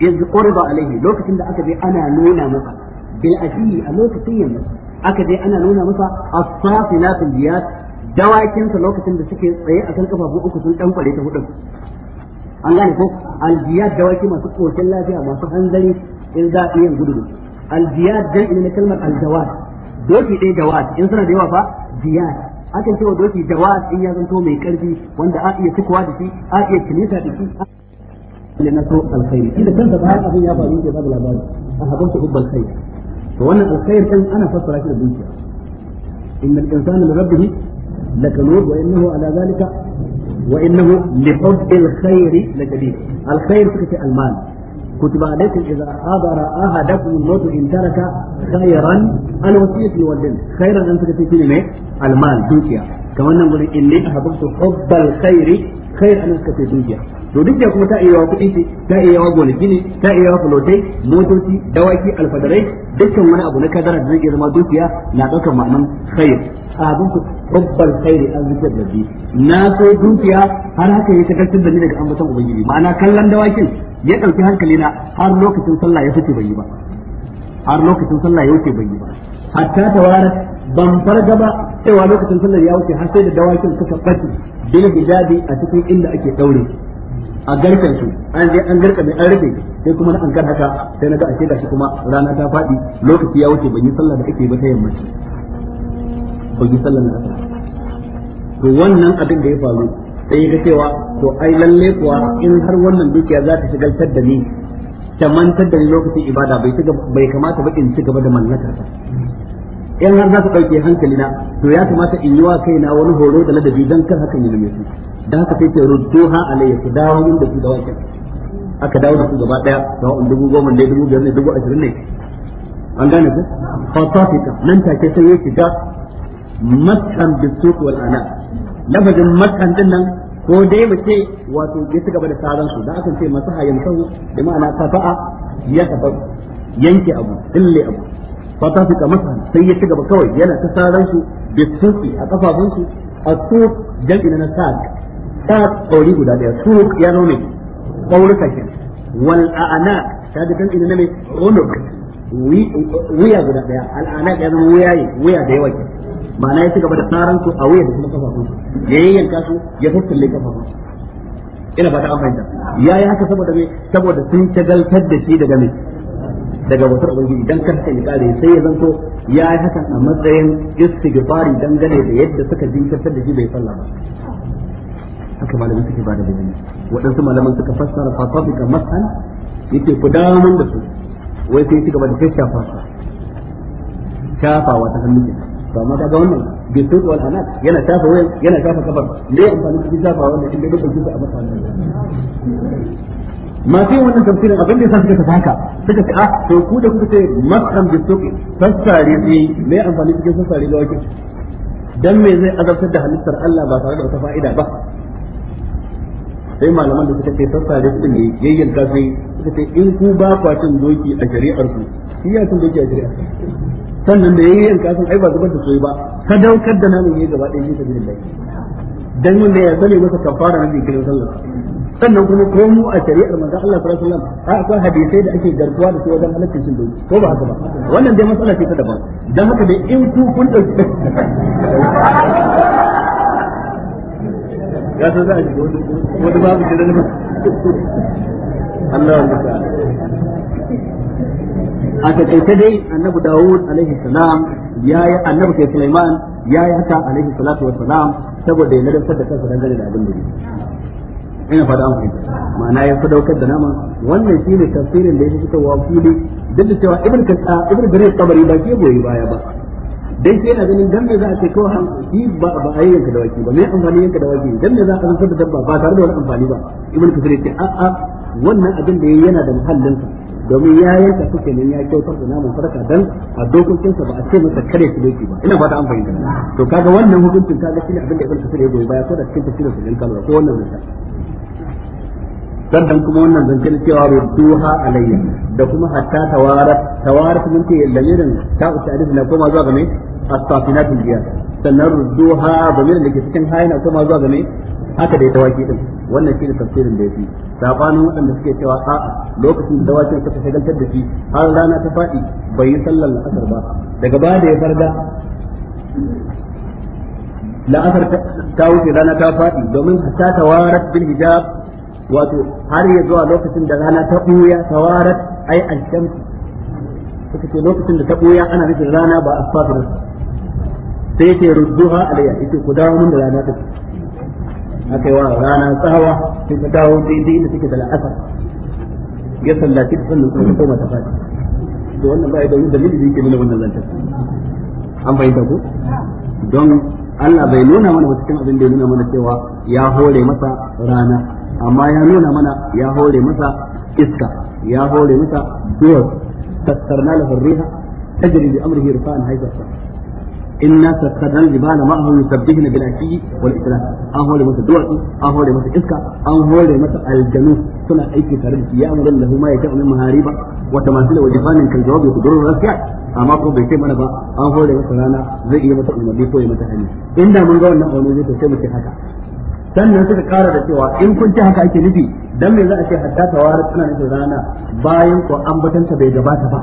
iz qurba alaihi lokacin da aka je ana nuna masa bil ashi a lokacin yanzu aka je ana nuna masa as-safinat biyat dawakin sa lokacin da suke tsaye a kan kafafu uku sun ɗan ƙware ta hudu an gane ko aljiyad dawaki masu koshin lafiya masu hanzari in za a iya gudu aljiyad dan ina kalmar aljawad doki ɗaya jawad in suna da yawa fa ziyad akan cewa doki jawaz in ya zanto mai karfi wanda a iya cikowa da shi a iya kilita da shi ne na so alkhairi inda kansa ba abin ya faru ke babu labari a hakan su ubbal khair to wannan alkhair kan ana fassara shi da dukiya innal insana li rabbih lakanub wa innahu ala zalika wa innahu li hubbil khair lakabir alkhair suka ce almal كتب عليكم إذا حضر أحدكم الموت إن ترك خيرا الوصية والدين خيرا أن تكتبين من المال دوكيا كما نقول إني أحببت حب الخير خير أن تكتب دوكيا to duk da kuma ta iya wa kuɗi ce ta iya wa gonaki ne ta iya wa fulotai motoci dawaki alfadarai dukkan wani abu na kadara da zai zama dukiya na ɗaukar ma'anan khair abin ku hubbal khairi an zikir da na so dukiya har haka ya shagaltar da ni daga ambaton ubangiji ma'ana kallon dawakin ya ɗauki hankali na har lokacin sallah ya fice bai yi ba har lokacin sallah ya wuce bai yi ba hatta wara ban farga ba cewa lokacin sallah ya wuce har sai da dawakin suka bace bil hijabi a cikin inda ake daure a garkan su an je an garka mai an rufe sai kuma na an gar haka sai na ga ashe gashi kuma rana ta faɗi lokaci ya wuce ban yi sallah da ake ba ta yamma ban yi sallah na asar to wannan abin da ya faru sai ga cewa to ai lalle kuwa in har wannan dukiya za ta shigaltar da ni ta mantar da ni lokacin ibada bai bai kamata ba in ci gaba da mallakar ta in har za ta ɗauke na to ya kamata in yi wa kaina wani horo da ladabi dan kar hakan yi su dan haka sai ke rudduha alayya ku dawo min da su da wancan aka dawo da su gaba daya sawa'un dubu goma ne dubu biyar ne dubu ashirin ne an gane ku fatafika nan take sai ya shiga mashan bisuq wal anas lafazin mashan din nan ko dai mu ce wato ya ci gaba da saran su da aka ce masaha yamsahu da ma'ana tafa'a ya tafa yanke abu dille abu fata suka masa sai ya ci gaba kawai yana ta saran su bi sufi a kafafun su a su jam'i na sa ta tsori guda daya su ya nome kaurika ke wal a'ana ta da jam'i na ne Wi wuya guda daya al'ana ya zama wuya wuya da yawa kenan ma'ana ya ci gaba da tsaran su a wuya da kuma kafafun su ya yanka su ya fassale kafafun su ina ta an fahimta ya yi haka saboda me saboda sun shagaltar da shi daga me daga wutar ubangiji dan kar sai kare sai ya zanto ya yi hakan a matsayin istighfari dangane da yadda suka jinkirtar da shi bai falla ba haka malamin suke ba da bayani waɗansu malaman suka fassara fatafika mas'ala yake ku damun da su wai sai ci gaba da shafa shafa wata hannun kenan to amma kaga wannan bi suq wal anat yana tafa wayan yana tafa kabar me amfani cikin tafa wannan in dai dukkan su a masa ma sai wannan tafsirin abin da yasa suka tafi haka suka ce ah to ku da kuka ce maskan bi suq sassare ne me amfani cikin sassare ga wake dan me zai azabtar da halittar Allah ba tare da wata fa'ida ba sai malaman da suka ce sassare su ne yayyanka sai suka ce in ku ba kwacin doki a shari'ar ku shi ya cin doki a shari'ar sannan da yayi yanka sun ai ba zuban da soyi ba ka daukar da namun ne gaba ɗaya shi ta da dai dan wanda ya sani masa kafara na zikirin sallah sannan kuma ko mu a shari'ar manzo Allah sallallahu alaihi wasallam akwai hadisai da ake garkuwa da su wajen halaccin shi doki ko ba haka ba wannan dai matsala ce ta daban dan haka dai in ku kun dauki ya san za a shiga wani babu shirin ba Allah ya a takaice dai annabi Dawud alaihi salam yayi annabi kai Sulaiman yayi haka alaihi salatu wa salam saboda ya ladabtar da kansa dangane da abin da yake ina fada an ma'ana ya sadaukar da nama wannan shine tafsirin da yake fitowa fili duk da cewa ibn kasa ibn jarir tabari ba ke goyi baya ba dai sai yana ganin dan me za a ce ko han shi ba ba a yanka da waki ba me amfani yanka da waki dan me za a san da dabba ba tare da wani amfani ba ibn kasir ce a a wannan abin da yana da muhallin domin ya yanka suke nan ya kyautar da naman sadaka dan a dokokinsa ba a ce masa kare su doki ba ina fata an fahimta to kaga wannan hukuncin kaga shine abin da ibn kasir ya goyi baya ko da cikin tafsirin sa kalma ko wannan zanta sannan kuma wannan zancen cewa rudduha alayya da kuma hatta tawarat tawarat mun ce lamirin ta usta alif na koma zuwa ga me as jiyad sannan rudduha bamirin da ke cikin hayana kuma zuwa ga mai haka da ita wake din wannan shine tafsirin da yafi sabanin waɗanda suke cewa a'a lokacin da wakin suka shagaltar da shi har rana ta faɗi bai yi sallar la'asar ba daga baya da ya farga la'asar ta wuce rana ta faɗi domin ta tawarat bil hijab wato har ya zuwa lokacin da rana ta ɓuya tawarat ai al-shams suka ce lokacin da ta ɓuya ana nufin rana ba asfatar sai yace rudduha alayya yace ku dawo mun da rana ta akai wa rana tsawa sai ta dawo daidai da take da la'asar ya sallaci ta sannan kuma koma ta fadi to wannan ba ya da wani dalili da yake nuna wannan lantarki. an bayyana ku don Allah bai nuna mana wata cikin abin da ya nuna mana cewa ya hore masa rana amma ya nuna mana ya hore masa iska ya hore masa duwatsu tattarna lahu riha tajri bi amrihi rifa'an haythu inna sakhadna al-jibala ma'ahu yusabbihuna bil ashi wal islam an hore masa duwatsu an hore masa iska an hore masa aljanu suna aiki tare da shi ya amran lahu ma yata'u min mahariba wa tamasila wa jifanin kal jawab yaqduru rasiya amma ko bai ce mana ba an hore masa rana zai iya masa umarni ko ya masa hali inda mun ga wannan aure zai to sai haka sannan suka kara da cewa in kun haka ake nufi dan me za a ce hatta tawara tana nufin rana bayan ko ambatanta bai gabata ba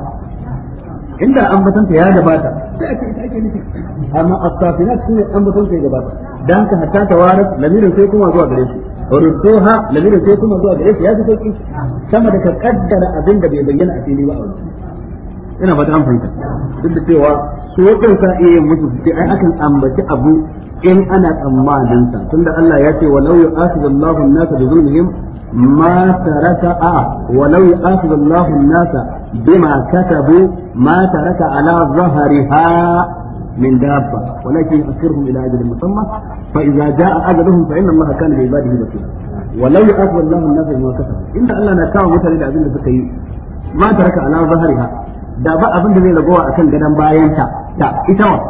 inda ambatansa ya gabata sai ake ita ake nufi amma astafinat shine ambatansa ya gabata dan haka hatta tawarat lamirin sai kuma zuwa gare shi rutsuha lamirin sai kuma zuwa gare shi ya fi sauki sama da ka kaddara abin da bai bayyana a fili ba a wani ina fata an fahimta duk da cewa su wakan sa iya musu sai ai akan ambaci abu in ana tsammanin sa tunda Allah ya ce walau yu'akhidullahu an-nasa bi dhulmihim ما ترك آه ولو يؤاخذ الله الناس بما كتبوا ما ترك على ظهرها من دابة ولكن يؤخرهم إلى أجل مسمى فإذا جاء أجلهم فإن الله كان بعباده بصيرا ولو يؤاخذ الله الناس بما كتبوا إن الله نكاو مثل لأبن بكي ما ترك على ظهرها da ba abin da zai ragowa a kan gadon bayanta ta ita wa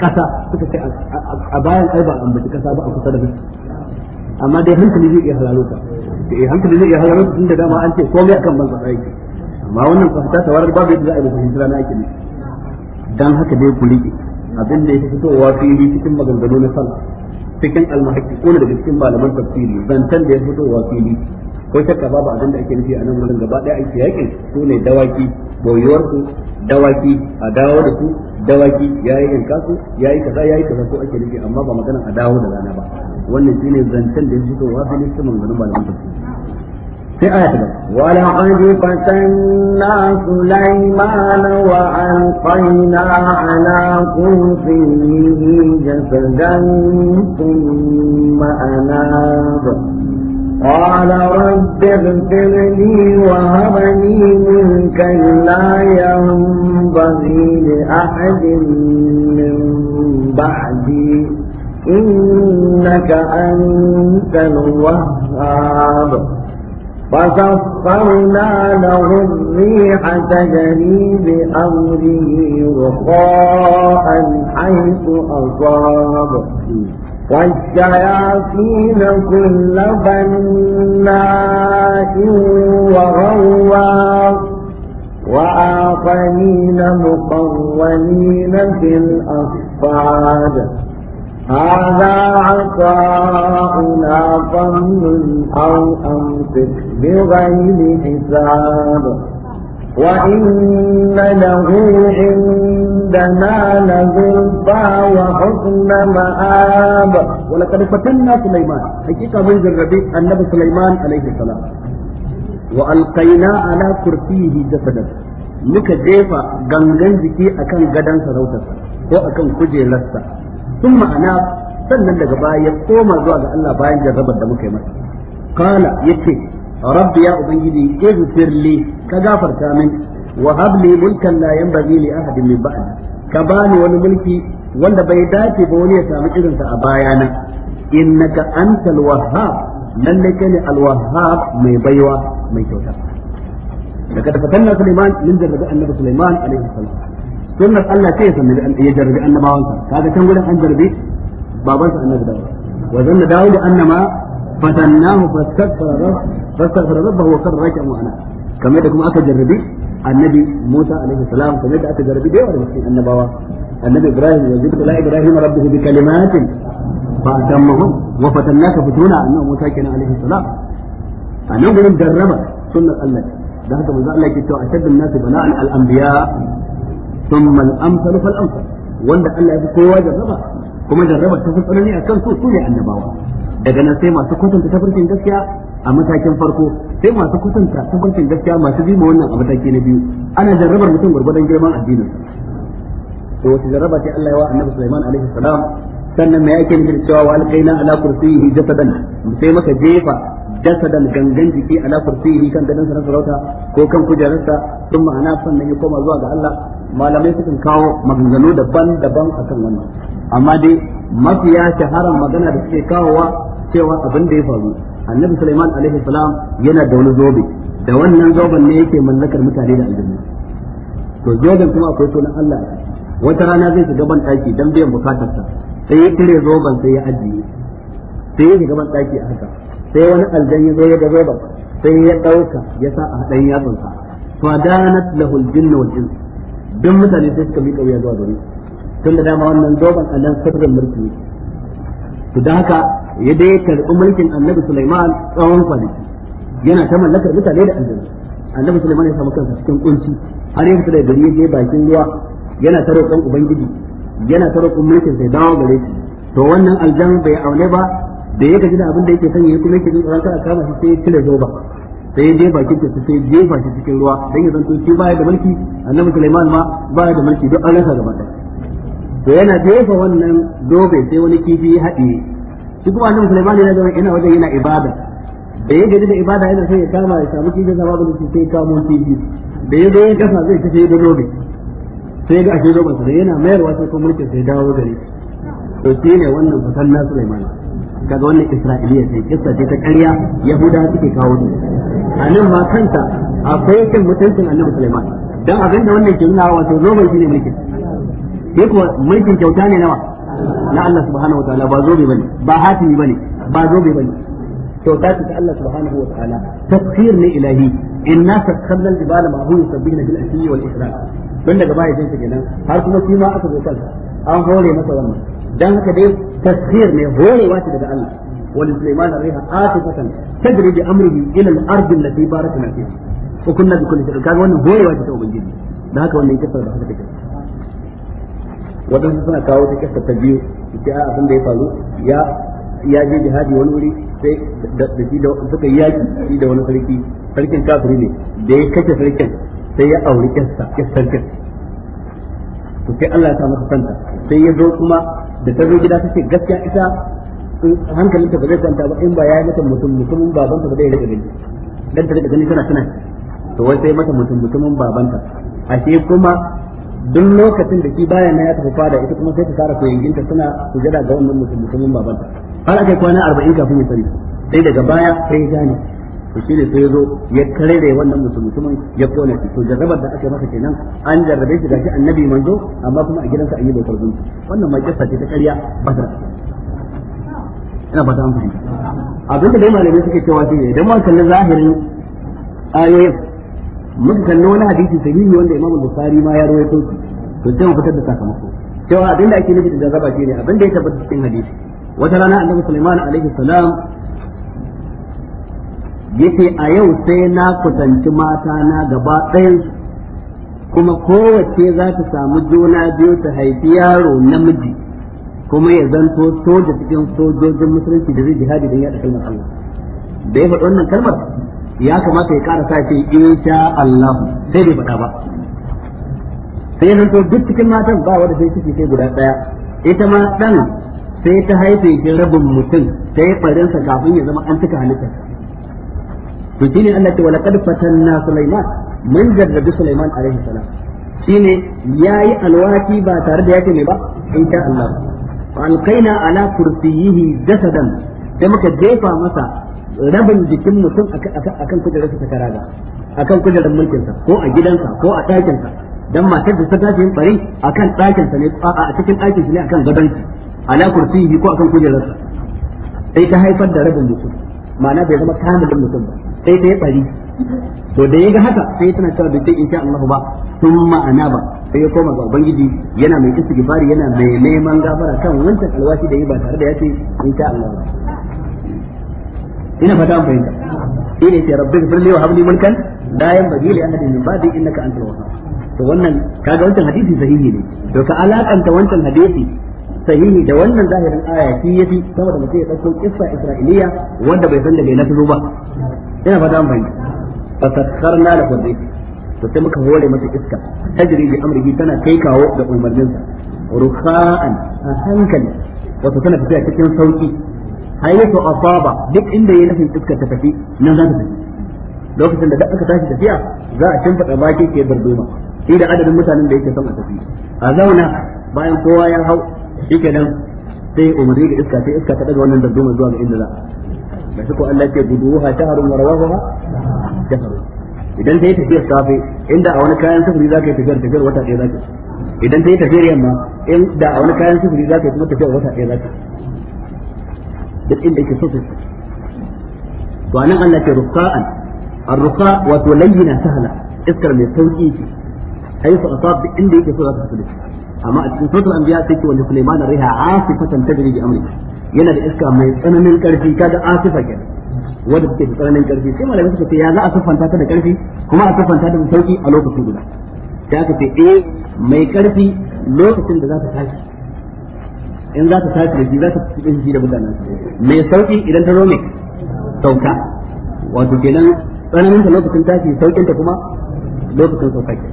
kasa suka ce a bayan ai ba ambaci kasa ba a kusa da amma dai hankali zai iya halalo ta da eh, ya hankali zai iya halarar tun da dama an ce komai akan ban tsara yake amma wannan fahimta ta warar babu yadda za a yi fahimtar na ake ne dan haka dai ku rike abin da ya fitowa fili cikin maganganu na sallah cikin almahaƙiƙuna daga cikin malaman tafsiri zantan da ya fitowa fili ko shakka babu abin da ake nufi a nan wurin gaba daya ake yakin su ne dawaki boyuwar su dawaki a dawo da su dawaki yayi su kasu yayi kaza yayi kaza ko ake nufi amma ba magana a dawo da rana ba wannan shine zancen da ya yake fitowa da nake ba. da mutum sai aya ta ولقد فتنا سليمان وألقينا على كرسيه جسدا ثم أناب قال رب اغفر لي وهب لي منك لا ينبغي لأحد من بعدي إنك أنت الوهاب فسخرنا له الريح تجري بأمره رخاء حيث أصاب والشياطين كل بناء وغواص وآخرين مقولين في الأصفاد هذا عطاؤنا فمن أو أمسك بغير حساب وإن له عندنا لزلفى وحسن مآب ولقد فتنا سليمان حقيقة من الربيع النبي سليمان عليه السلام وألقينا على كرسيه جسدا muka jefa gangan jiki akan gadon sarautar ko akan kujerarsa sun ma'ana sannan daga baya ya koma zuwa ga Allah bayan jarrabar da muka kala yace rabbi ya ubangiji ighfir li ka gafarta min wa hab li mulkan la yanbaghi li ahadin min ba'di ka bani wani mulki wanda bai dace ba wani ya samu irin sa a bayana innaka antal wahhab lalle kane al wahhab mai baiwa mai kyauta daga da fatanna Sulaiman min jarrabi annabi Sulaiman alaihi salam sunnar Allah ce ya jarrabi annabawansa kaga can gurin an jarrabi babansa annabi Dawud wa zanna Dawud annama فتناه فاستغفر ربه فاستغفر ربه وكان رايك معنا كما يدكم أكا جربي النبي موسى عليه السلام كما يدكم أكا جربي دي النبوة النبي إبراهيم وجبت لا إبراهيم ربه بكلمات فأتمهم وفتناك فتونا أنه موسى كان عليه السلام أنه من جربة سنة الله ده هذا مزاع لك أشد الناس بناء على الأنبياء ثم الأمثل فالأمثل وانا ألا يكون واجب kuma jarraba ta tsanani a kan su su ne annabawa daga nan sai masu kwatanta tafarkin gaskiya a matakin farko sai masu kwatanta tafarkin gaskiya masu bi wannan a mataki na biyu ana jarrabar mutum gwargwadon girman addinin to wata jarraba ce Allah ya wa annabi Sulaiman alaihi salam sannan mai yake nufin cewa wa alkaina ala kursiyihi jasadan sai maka jefa jasadan gangan jiki ala kursiyihi kan gadon sarauta ko kan kujerarsa sun ma'ana sannan ya koma zuwa ga Allah malamai sukan kawo maganganu daban-daban akan wannan amma dai mafiya shaharar magana da suke kawowa cewa abin da ya faru annabi Sulaiman alaihi salam yana da wani zobe da wannan zoben ne yake mallakar mutane da aljanna to zoben kuma akwai sunan Allah wata rana zai shiga ban daki dan biyan bukatarsa sai ya tire zoben sai ya ajiye sai ya shiga ban daki a haka sai wani aljan ya zo ya ga zoben sai ya dauka ya sa a hadan yatsunsa fadanat lahul jinnu wal insu don mutane sai suka miƙa wuya zuwa gare tun da dama wannan doban a nan sirrin mulki ne to da haka ya dai karɓi mulkin annabi Sulaiman tsawon kwanaki yana ta mallakar mutane da aljanu annabi Sulaiman ya samu kansa cikin kunci har yanzu da gari ya je bakin ruwa yana ta roƙon ubangiji yana ta roƙon mulkin sai dawo gare shi to wannan aljan bai aune ba da ya gaji da abin da yake sanya ya kuma yake jin tsoron kada kama shi sai ya cire zoba sai jefa shi ta sai jefa shi cikin ruwa dan ya zanto shi baya da mulki annabi Sulaiman ma baya da mulki duk an rasa gaba ɗaya to yana jefa wannan dobe sai wani kifi ya haɗiye shi kuma annabi Sulaiman yana zama yana wajen yana ibada da ya gaji da ibada yana sai ya kama ya samu kifi da babu ba sai ya kamo kifi da ya zo ya kasa zai kashe da dobe sai ga ashe dobe sai da yana mayarwa sai kuma mulki sai dawo gare shi to shi ne wannan fatan na Sulaiman kaga wannan Isra'iliya sai kissa ce ta ƙarya Yahuda suke kawo ne a nan ma kanta akwai kan mutuncin annabi Sulaiman dan abin da wannan ke nuna wato zobe shine mulkin sai kuma mulkin kyauta ne nawa na Allah subhanahu wataala ba zobe bane ba hatimi bane ba zobe bane kyauta ce ta Allah subhanahu wataala tafsir ne ilahi inna sakkarna al-jibala ma huwa sabbina bil ashiyi wal ishraq tun daga baya jinsa kenan har kuma shi ma aka zo kansa an hore masa wannan dan haka dai tafsir ne horewa ce daga Allah ولسليمان الريح عاصفة تجري بأمره إلى الأرض التي باركنا فيها وكنا بكل شيء كان wannan goyewa ta ubangiji da haka wannan kisa da haka take wadansu suna kawo ta kisa ta biyu ita a da ya ya ya je jihadi wani wuri sai da shi da suka yaki shi da wani sarki sarkin kafiri ne da ya kace sarkin sai ya auri kissa kissan kin sai Allah sai ya zo kuma da ta gida take gaskiya ita hankalinta ba zai kwanta ba in ba ya yi mata mutum mutumin babanta ba zai rike gani dan ta rike gani tana tana to wai sai mata mutum mutumin babanta a ashe kuma duk lokacin da shi baya na ya tafi fada ita kuma sai ta fara koyinginta suna sujada ga wannan mutum mutumin babanta har aka kwana 40 kafin ya sani sai daga baya sai ya gane to shine sai ya zo ya karere wannan mutum mutumin ya kone shi to jarrabar da aka masa kenan an jarrabe shi gashi annabi manzo amma kuma a gidansa an yi bautar gunki wannan ma kissa ce ta ƙarya ba ta ina fata an fahimta abin da dai malamai suke cewa shi idan ma kalli zahirin ayoyin muka kalli wani hadisi sahihi wanda Imam Bukhari ma ya rawaito shi to sai mu fitar da sakamako cewa abin da ake nufi da zaba shi ne abin da ya tabbata cikin hadisi wata rana Annabi Sulaiman alaihi salam yake a yau sai na kusanci mata na gaba ɗayan kuma kowace za ta samu juna biyu ta haifi yaro namiji kuma ya zanto soja cikin sojojin musulunci da zai jihadi don yaɗa kalmar Allah da ya faɗi wannan kalmar ya kamata ya ƙara sa ce insha Allah sai bai faɗa ba sai nan to duk cikin matan ba wanda sai ciki sai guda ɗaya ita ma ɗan sai ta haife shi rabin mutum ta yi farinsa kafin ya zama an cika halittar to ne Allah ce wala qad fatanna Sulaiman mun jarrabi Sulaiman alaihi salam shine yayi alwaki ba tare da yake ne ba insha Allah fa alqaina ala kursiyihi jasadan sai muka jefa masa rabin jikin mutum akan kujerar ta karaga akan kujerar mulkinsa ko a gidansa ko a ɗakinsa dan matar da ta tashi yin bari akan ɗakinsa ne a cikin ɗakin shi ne akan gadonsa ala kursiyihi ko akan kujerarsa sai ta haifar da rabin mutum ma'ana bai zama kamilin mutum ba sai ta yi bari to da ya ga haka sai tana cewa bai in sha Allah ba sun ma'ana ba sai ya koma ga ubangiji yana mai istighfari yana mai neman gafara kan wancan alwashi da yi ba tare da ya ce sha Allah ba ina fata an fahimta ina ce rabbi firli wa habli mulkan la yanbaghi li ahadin min ba'di innaka antal wahhab to wannan kaga wancan hadisi sahihi ne to ka alakanta wancan hadisi sahihi da wannan zahirin aya shi yafi saboda mutum ya dauko kissa isra'iliya wanda bai san da bai nasu ba ina fata mai fasakharna da kwadri to sai muka hore masa iska tajri bi amrihi tana kai kawo da umarninsa rukha'an a hankali wato tana tafiya cikin sauki hayatu asaba duk inda yayin nufin iska ta tafi nan za ta tafi lokacin da duk aka tashi tafiya za a shimfiɗa baki ke darduma shi da adadin mutanen da yake son a tafi a zauna bayan kowa ya hau shikenan sai umarni ga iska sai iska ta daga wannan darduma zuwa ga inda za ba shi ko Allah ke guduha shahrun wa rawaha shahrun idan ta yi tafiyar safe inda a wani kayan sufuri za ka yi tafiyar tafiyar wata ɗaya za ka idan ta yi tafiyar yamma inda a wani kayan sufuri za ka yi kuma tafiyar wata ɗaya za ka duk inda yake so ta to anan Allah ke ruka'an ar-ruqa wato layyina sahla iskar mai sauki ce haythu asab inda yake so za ka tafi amma a cikin sautul anbiya sai ke wani Sulaiman riha asifatan tajri bi amrihi yana da iska mai tsananin karfi kaga asifa kenan wanda take da tsananin karfi sai malamai suka ce ya za a siffanta ta da karfi kuma a siffanta ta da sauki a lokacin guda ta ka ce eh mai karfi lokacin da za ta tashi in za ta tashi da shi za ta cikin shi da mutanen mai sauki idan ta zo mai sauka wato kenan tsananin ta lokacin tashi saukin ta kuma lokacin sauka ke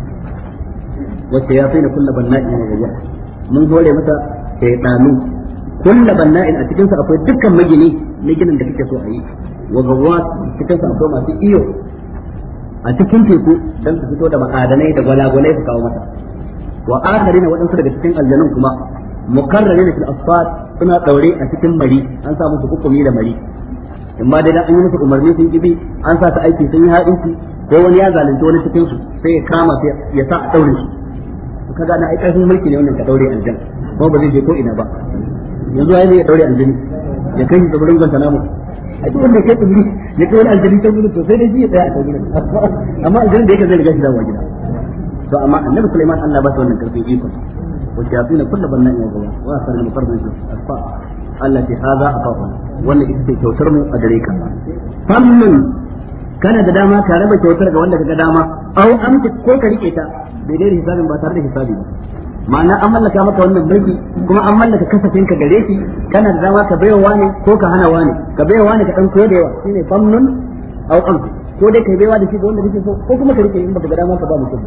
wacce ya fi na kulla banna'i ina gajiya mun hore mata sai ɗanu kullu banna'in a cikin sa akwai dukkan magini na ginin da kake so a yi wa gawwas cikin sa akwai masu iyo a cikin teku dan su fito da ma'adanai da gwalagwalai su kawo mata wa akharina waɗansu daga cikin aljanun kuma mukarrarina fil asfar suna daure a cikin mari an sa musu hukumi da mari in ma dai an yi musu umarni sun kibi an sa su aiki sun yi su, ko wani ya zalunci wani cikin su sai ya kama sai ya sa a daure su kaga na ai karfin mulki ne wannan ka daure aljanna ko ba zai je ko ina ba ya ai ne ya daure aljini ya kai shi tsibirin guantanamo a duk wanda kai tsibiri ya kai wani aljini ta gudu to sai dai ji ya tsaya a tsibirin amma aljinin da yake zai riga shi dawowa gida to amma annabi Sulaiman Allah ba shi wannan karfi ikon والشياطين كل بناء وغوا واخر المقرب الاسفاء التي هذا اطاقنا وان ita ce kyautar mu a gare ka fannin kana da dama ka raba kyautar ga wanda kaga dama au amki ko ka rike ta bai dai hisabin ba tare da hisabi ba ma'ana an mallaka maka wannan mulki kuma an mallaka kasafin ka gare shi kana da dama ka baiwa wani ko ka hana wani ka baiwa wani ka dan koyo da yawa shine famnun aw am ko dai ka baiwa da shi ga wanda kake so ko kuma ka rike in baka ga dama ka ba mutum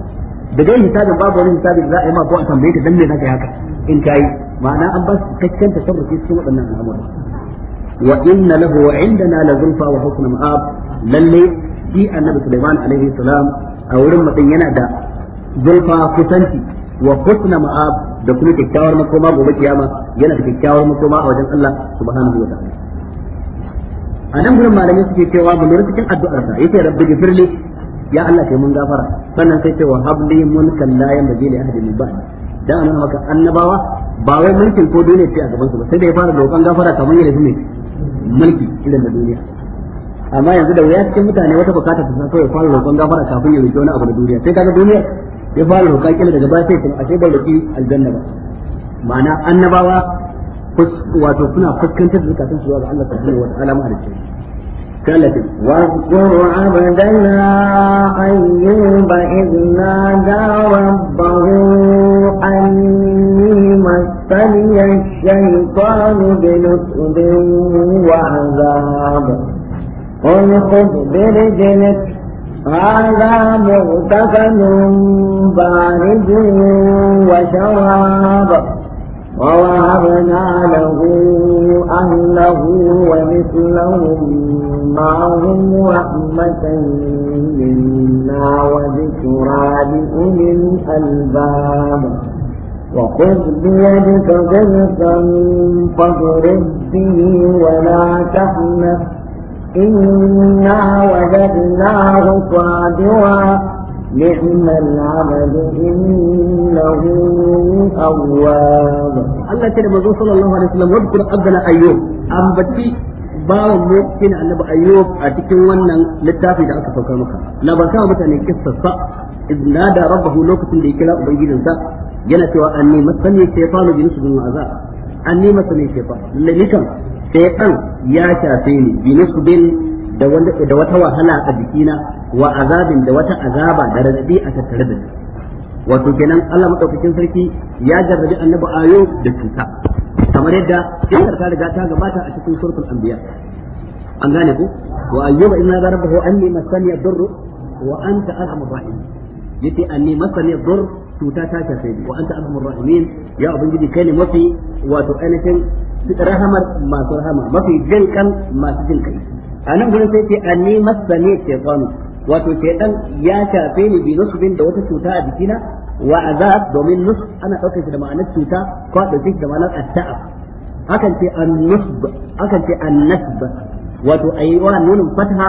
da dai hisabin babu wani hisabi da za a yi ma ko a tambaye ka dan me zaka yi haka in kai ma'ana an ba su cikakken tasarrufi cikin waɗannan al'amura wa inna lahu indana la zulfa wa hukmun ab lalle shi annabi Sulaiman alaihi salam a wurin mutum yana da zulfa kusanci wa husna ma'ab da kuma kyakkyawar makoma gobe kiyama yana da kyakkyawar makoma a wajen Allah subhanahu wa ta'ala anan gurin malamai suke cewa mu lura cikin addu'ar sa yace rabbi gifirli ya Allah kai mun gafara sannan sai ce wa habli mulkan la yanbaghi li ahadin min ba'd dan anan maka annabawa ba wai mulkin ko dole ce a gaban su ba sai da ya fara roƙon gafara kamar yadda ne mulki idan na duniya amma yanzu da wuya cikin mutane wata bukata ta sa kawai fara roƙon gafara kafin ya roƙi wani abu na duniya sai kaga duniya ya fara roƙa kila daga baya sai kuma ashe bai roƙi aljanna ba ma'ana annabawa wato kuna fuskantar da zakatun zuwa ga Allah subhanahu wa ta'ala mahalicci قالت واذكر عبدنا أيوب إذ نادى ربه أني مسني الشيطان بنصب وعذاب قل خذ برجلك هذا مغتسل بارد وشراب ووهبنا له أهله ومثلهم معهم رحمة منا وذكرى لأولي الألباب وخذ بيدك ضغطا فاضرب به ولا تحنث إنا وجدناه صابرا نعم العبد إنه أواب الله تعالى صلى الله عليه وسلم واذكر عبدنا أيوب أم بتي bawan mu shine annabi ayyub a cikin wannan littafi da aka sauka maka na ba sa mutane kissarsa idna da lokacin da ya kira ubangijinsa yana cewa anni masani shaytanu bi sai kan ya shafe ni bi nisbin da da wata wahala a jikina wa azabin da wata azaba da radadi a tattare da ni wato kenan Allah madaukakin sarki ya jarrabi annabi ayo da cuta kamar yadda kisar ta riga ta gabata a cikin suratul anbiya an gane ku wa ayyuba inna rabbahu anni masani ad-durr wa anta arhamur rahim yace anni masani ad-durr cuta ta shafe ni wa anta arhamur rahimin ya ubangiji kai ne mafi wato ainihin rahamar masu rahama mafi jin kan masu jin kai a nan gurin sai ce wato ya shafe ni bi nusbin da wata cuta a jikina wa azab domin nus ana shi da ma'anar cuta ko dauke shi da ma'anar atta'a akan ce an-nusb akan ce an-nasb wato ayi wa nunin fataha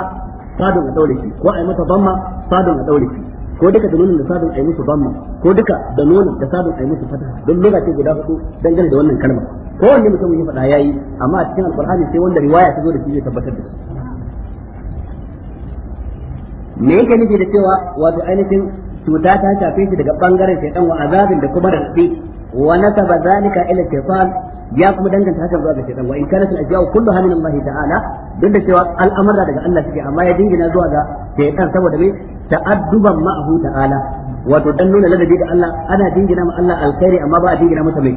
sadun a daure shi ko ayi mata damma sadun a daure shi ko duka da nunin da sabon ai musu bamma ko duka da nunin da sabon ai musu fata don lokaci guda hudu dangane da wannan kalma ko wanne mutum ya faɗa yayi amma a cikin alqur'ani sai wanda riwaya ta zo da shi ya tabbatar da shi me yake nufi da cewa wato ainihin cuta ta shafe shi daga bangaren shaitan wa azabin da kuma da wa nasaba zalika ila shaytan ya kuma danganta haka zuwa ga shaytan wa in kanat al-ajya'u kulluha min Allah ta'ala duk da cewa al'amara daga Allah suke amma ya dingina zuwa ga shaytan saboda me ta'adduban ma'ahu ta'ala wato dan nuna ladabi ga Allah ana dingina ma Allah alkhairi amma ba a dingina masa mai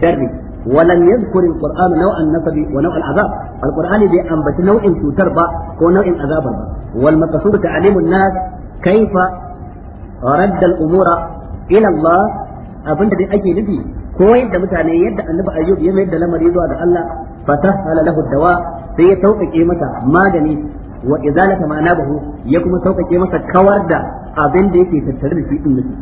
sharri ولم يذكر القرآن نوع النصب ونوع العذاب القرآن بأنبت نوع سوتر با ونوع عذاب والمقصود تعليم الناس كيف رد الأمور إلى الله abinda dai ake nufi ko yadda mutane yadda annabi ayyub ya mayar da lamari zuwa ga Allah fa hala lahu dawa sai ya sauƙaƙe masa magani wa izalata bahu ya kuma sauƙaƙe masa kawar da abin da yake tattare da shi din nufi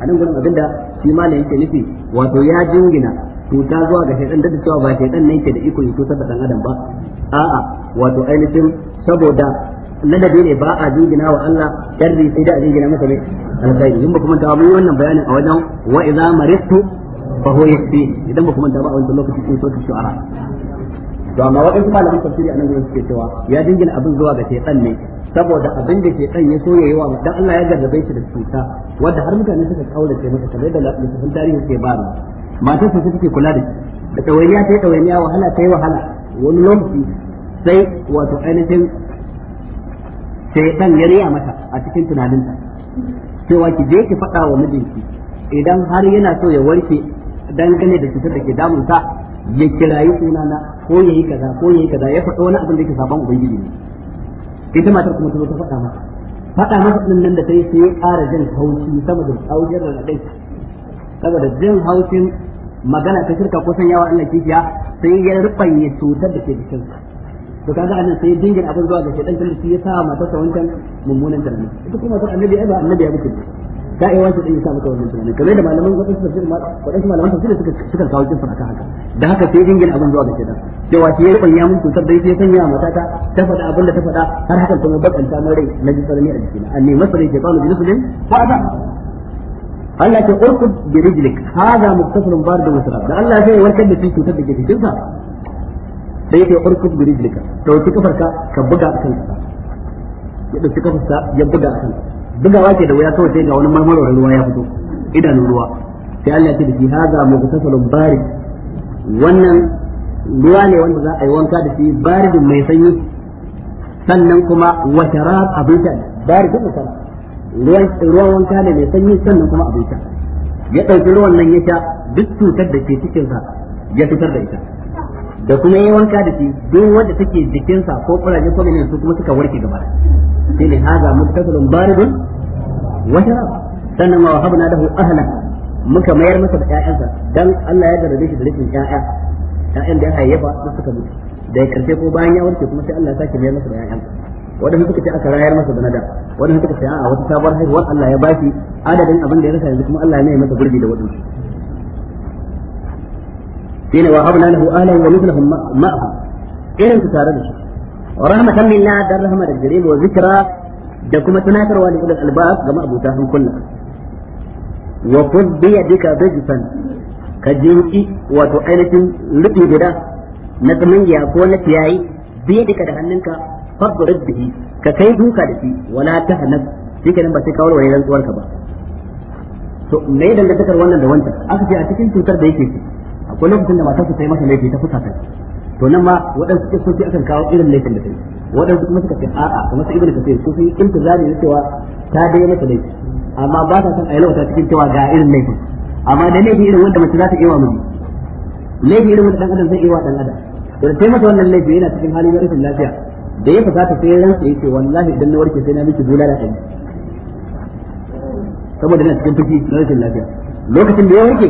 a nan gurin abinda shi malam yake nufi wato ya jingina cuta zuwa ga shaitan da cewa ba shaitan ne yake da iko ya cutar da dan adam ba a'a wato ainihin saboda ladabi ne ba a jingina wa Allah sharri sai da a jingina masa ne alkhairi in ba kuma ta mun wannan bayanin a wajen wa idza maristu fa huwa yashfi idan ba kuma ta ba a wannan lokaci cikin sautin shu'ara to amma waɗansu malaman tafsiri a nan gurin suke cewa ya jingina abin zuwa ga shaytan ne saboda abin da shaytan ya so ya yi wa dan Allah ya gargabe shi da cuta wanda har mutane suka kaurace masa kamar da littafin tarihi ke ba mu matar su take kula da shi da tawayya sai tawayya wahala sai wahala wani lokaci sai wato ainihin sai dan ya riya mata a cikin tunaninta cewa ki je ki faɗa wa mijinki idan har yana so ya warke dangane da cutar da ke damunsa ya kirayi sunana ko yayi kaza ko yayi kaza ya faɗa wani abin da yake saban ubangiji ne ita matar kuma ta zo ta faɗa mata faɗa mata din nan da ta yi sai ya ƙara jin haushi sama da haushin raɗaɗin saboda jin haushin magana ta shirka ko sanyawa Allah ya sai ya rubanye cutar da ke jikinsa to kaga anan sai dingin abin zuwa ga shedan tunda shi ya sa matar sa wancan mummunan tunani ita kuma matar annabi ai ba annabi ya mutu da ai wancan din ya sa mata wannan tunani kamar da malaman wadansu tafsir wadansu malaman tafsir suka suka kawo kinsa akan haka da haka sai dingin abin zuwa ga shedan cewa shi ya banya mun tuntar dai sai sanya mata ta ta faɗa abin da ta faɗa har hakan kuma bakanta mai rai na jisarni a jikina anne masarai ke tsano jisulim fa ada Allah ke urkud bi rijlik hada muktasarun bar da masra da Allah zai warkar da shi cutar da ke cikin sa sai ya kai urkut bi rijlika dauki kafarka ka buga akan kasa ya dauki kafarsa ya buga akan bugawa ke da wuya kawai sai ga wani marmarar ruwa ya fito idan ruwa sai Allah ya ce da shi haza mugtasalun barik wannan ruwa ne wanda za a yi wanka da shi baridin mai sanyi sannan kuma watarab abin ta baridin watarab ruwan ruwan wanka ne mai sanyi sannan kuma abin ya ɗauki ruwan nan ya sha duk cutar da ke cikin sa ya fitar da ita da kuma yi wanka da shi duk wanda take jikinsa ko kuraje ko menene su kuma suka warke gaba sai ne haza mutakalun baridun wa sharab sannan wa habna lahu ahlan muka mayar masa da ƴaƴansa dan Allah ya darbe shi da rikin ƴaƴa ƴaƴan da ya hayyafa su suka mutu da ya karshe ko bayan ya warke kuma sai Allah ya sake mayar masa da ƴaƴansa wadanda suka ce aka rayar masa da nada wadanda suka ce a'a wata sabuwar haihuwar Allah ya bashi adadin abin da ya rasa yanzu kuma Allah ya mai masa gurbi da wadansu shine wa habna lahu ahlahu wa mithluhum ma'ahu irin su tare da shi rahmatan lillah dan rahma da gare wa zikra da kuma tunatarwa da ulul albab ga ma'abuta hankula wa khudh bi yadika rizqan ka jinki wato ainihin rubi guda na tsamangiya ko na tiyayi bi yadika da hannunka fadrib bihi ka kai duka da shi wala ta tahnab shi kenan ba sai ka warware rantsuwarka ba to me dangantakar wannan da wancan aka ce a cikin cutar da yake ciki akwai lokacin da matarsa ta yi masa laifi ta fusa ta to nan ma waɗansu kisoshi akan kawo irin laifin da ta yi waɗansu kuma suka ce a'a kamar sai ibnu kafir su sun intizari ne cewa ta dai masa laifi amma ba ta san ayyuka ta cikin cewa ga irin laifin amma da laifi irin wanda mace za ta iya wa miji laifi irin wanda dan adam zai iya wa dan adam to sai mata wannan laifi yana cikin hali na rashin lafiya da ya fasa ta sai ransa yace wallahi idan na warke sai na miki bulala ɗari saboda yana cikin fushi na rashin lafiya lokacin da ya warke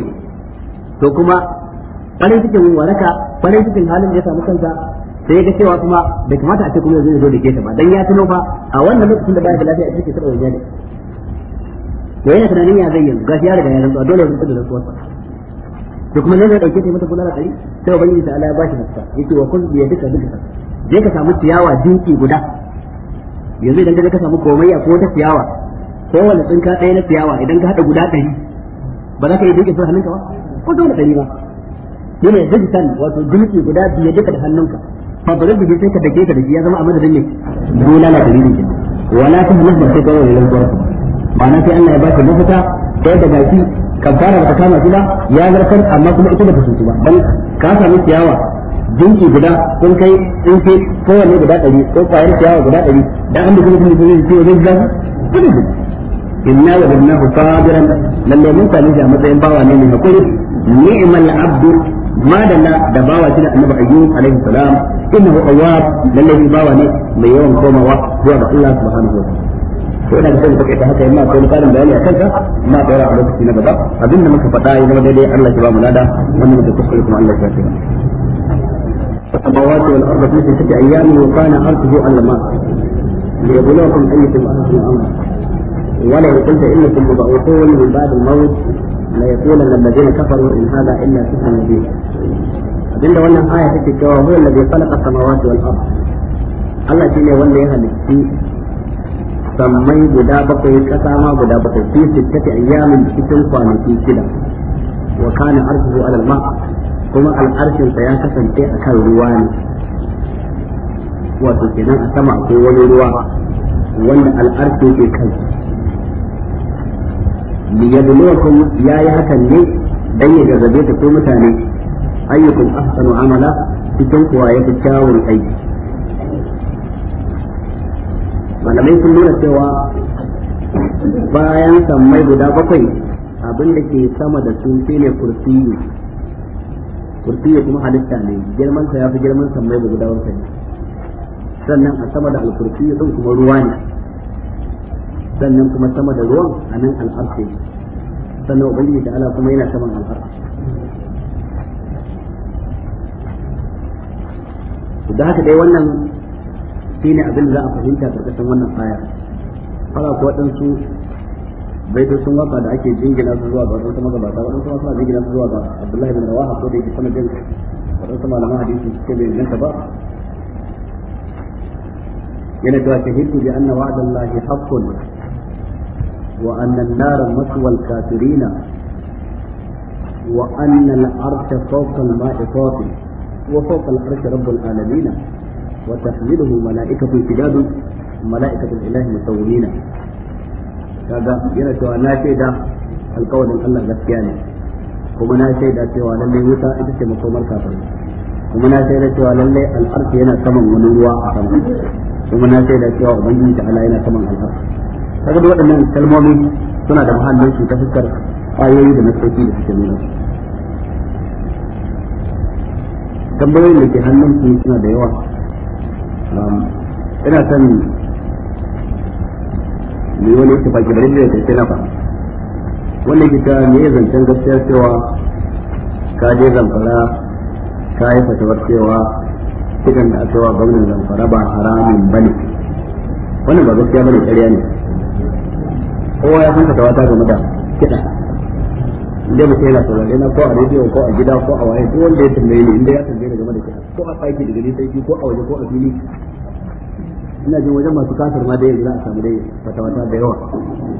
to kuma farin cikin waraka farin cikin halin da ya samu kanta sai ga cewa kuma bai kamata a ce kuma zai zo da ke ta ba dan ya tuno fa a wannan lokacin da bayan da lafiya ake cikin saba wajen ne to yana tunanin ya zai yanzu shi ya riga ya rantsa dole ya rantsu da rantsuwar sa to kuma nan da dauke ta mata kullara dari sai ubangiji ta Allah ya bashi nafsa yake wa kun ya duka duka je ka samu ciyawa dinki guda yanzu idan ka samu komai ko ta ciyawa ko wani tsinka ɗaya na ciyawa idan ka hada guda ɗari ba za ka yi duka sun hannunka ba ko dole ɗari ba shine rijsan wato jinki guda biyu duka da hannunka fa bare da sai ka dake ka da ya zama a madadin ne dole na dalilin ki wala ta hannun da sai ka wani lokaci ba na sai Allah ya baka mafita da da baki ka fara ta kama kula ya zarfar amma kuma ita ba ta sutu ba dan ka samu ciyawa jinki guda kun kai sun kai kowanne guda dari ko kwayar ciyawa guda dari dan an da kuma kuma zai ciwo zai zafi kuma inna wa innahu sabiran lalle mun sami shi matsayin bawa ne ne hakuri ni'mal abdu madalla da bawa shi da annabi ayyub alaihi salam innahu awwab lallahi bawa ne mai yawan komawa zuwa ga Allah subhanahu wa ta'ala to ina da kanka kai ta haka yamma ko mutanen bayani a kanka ma da yara a lokaci na gaba abin da faɗa ya zama daidai Allah ya ba mu lada wannan da kuka kuma Allah ya tsaya السماوات والارض في سته ايام وكان عرشه على الماء ليبلوكم ايكم احسن عمرا ولو قلت انكم مبعوثون من بعد الموت la yaqulan alladheena kafaru in hadha illa sihrun mubin abinda wannan aya take cewa huwa alladhi khalaqa samawati wal ard Allah shine wanda ya halicci sammai guda bakwai kasa ma guda bakwai fi sittati ayyamin cikin kwanaki shida wa kana arshu ala al-ma kuma al'arshin sa ya kasance akan ruwa ne wato kenan a sama akwai wani ruwa wanda al'arshin ke kansa liyabluwakum yayi hakan ne dan ya gazabe ta ko mutane ayyukan ahsanu amala cikin kuwa ya fi kyawun aiki malamai sun cewa bayan sammai guda bakwai abin da ke sama da su shine kursiyu kursiyu kuma halitta ne girman sa yafi girman sammai guda bakwai sannan a sama da alkursiyu din kuma ruwa ne sannan kuma sama da ruwan a nan al'arfe sannan ubangiji da ala kuma yana saman al'arshi da haka dai wannan ne abin da za a fahimta karkashin wannan aya fara ko waɗansu baito sun waka da ake jingina su zuwa ga wata magabata waɗansu ma suna jingina su zuwa ga abdullahi bin rawaha ko da yake sama sanadin waɗansu malaman hadisi suke bai inganta ba yana cewa shahidu bi anna wa'dallahi haqqun وأن النار مثوى الكافرين وأن العرش فوق الماء طافي وفوق العرش رب العالمين وتحمله ملائكة الكتاب ملائكة الإله مسومين kaga yana cewa na shaida alkawarin Allah gaskiya ne kuma na shaida cewa lallai wuta ita ce makomar kafin kuma na shaida cewa lallai yana saman wani ruwa a sama kuma na shaida cewa ubangiji ta ala yana saman al'arfi kaga da waɗannan kalmomi suna da muhallin su ta fuskar ayoyi da nasoki da suke nuna tambayoyin da ke hannun su suna da yawa um, ina son ne wani yake baki bari da yake na ba wanda ke ta ne zancen gaskiya cewa ka je zamfara ka yi fatawar cewa kidan da a cewa gwamnan zamfara ba haramin bane wannan ba gaskiya bane ƙarya ne kowa ya san tawata ta game da kiɗa inda mutum yana saurare na ko a rediyo ko a gida ko a waye ko wanda ya tambaye ni inda ya tambaye ni game da kiɗa ko a tsaki daga ni sai ko a waje ko a fili ina jin wajen masu kasar ma da yanzu za a samu dai fatawata da yawa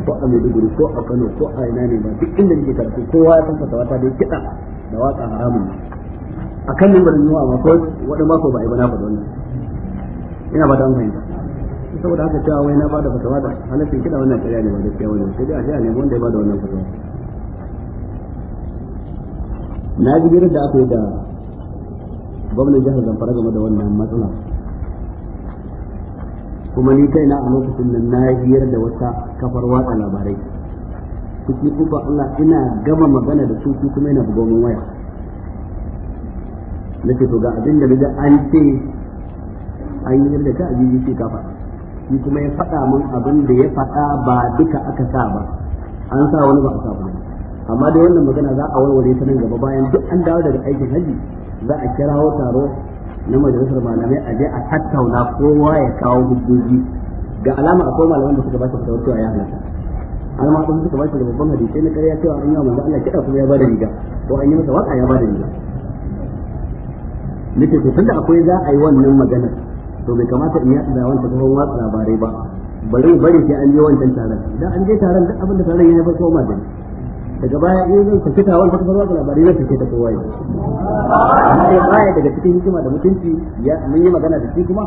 ko a Maiduguri ko a Kano ko a ina ne ba duk inda nake karatu kowa ya san fatawata dai kiɗa da waka haramun ne a kan nan barin yawa ma ko wani ko ba a yi ba na faɗi wannan ina ba ta fahimta saboda haka cewa wai na bada fatawa da halaccin kiɗa wannan ƙarya ne ba gaskiya wani sai dai a jiya ne wanda ya bada wannan fatawa na ji gidan da aka yi da gwamnan jihar zamfara game da wannan matsala kuma ni kai na a lokacin nan na hiyar da wata kafar watsa labarai kuki kuka Allah ina gama magana da su kuma yana bugo waya nake to ga abin da naga an ce an yi da ta a ce kafa shi kuma ya faɗa min abin da ya faɗa ba duka aka sa ba an sa wani ba a sa ba amma da wannan magana za a warware ta nan gaba bayan duk an dawo daga aikin haji za a kira wa taro na majalisar malamai a je a tattauna kowa ya kawo hujjoji ga alama akwai malaman da suka ba su fatawar cewa ya halatta alama kuma suka ba su da babban hadisi na ƙarya cewa an yi wa manzo Allah kiɗa kuma ya bada riga ko an yi masa waka ya bada riga nake to tunda akwai za a yi wannan magana to bai kamata in yaɗa dawon ta kafar watsa labarai ba bari bari sai an je wancan taron idan an je taron duk abin da taron ya haifar ma da daga baya in zan saki tawon ta kafar watsa labarai zan sake ta kowa amma dai baya daga cikin hikima da mutunci ya mun yi magana da shi kuma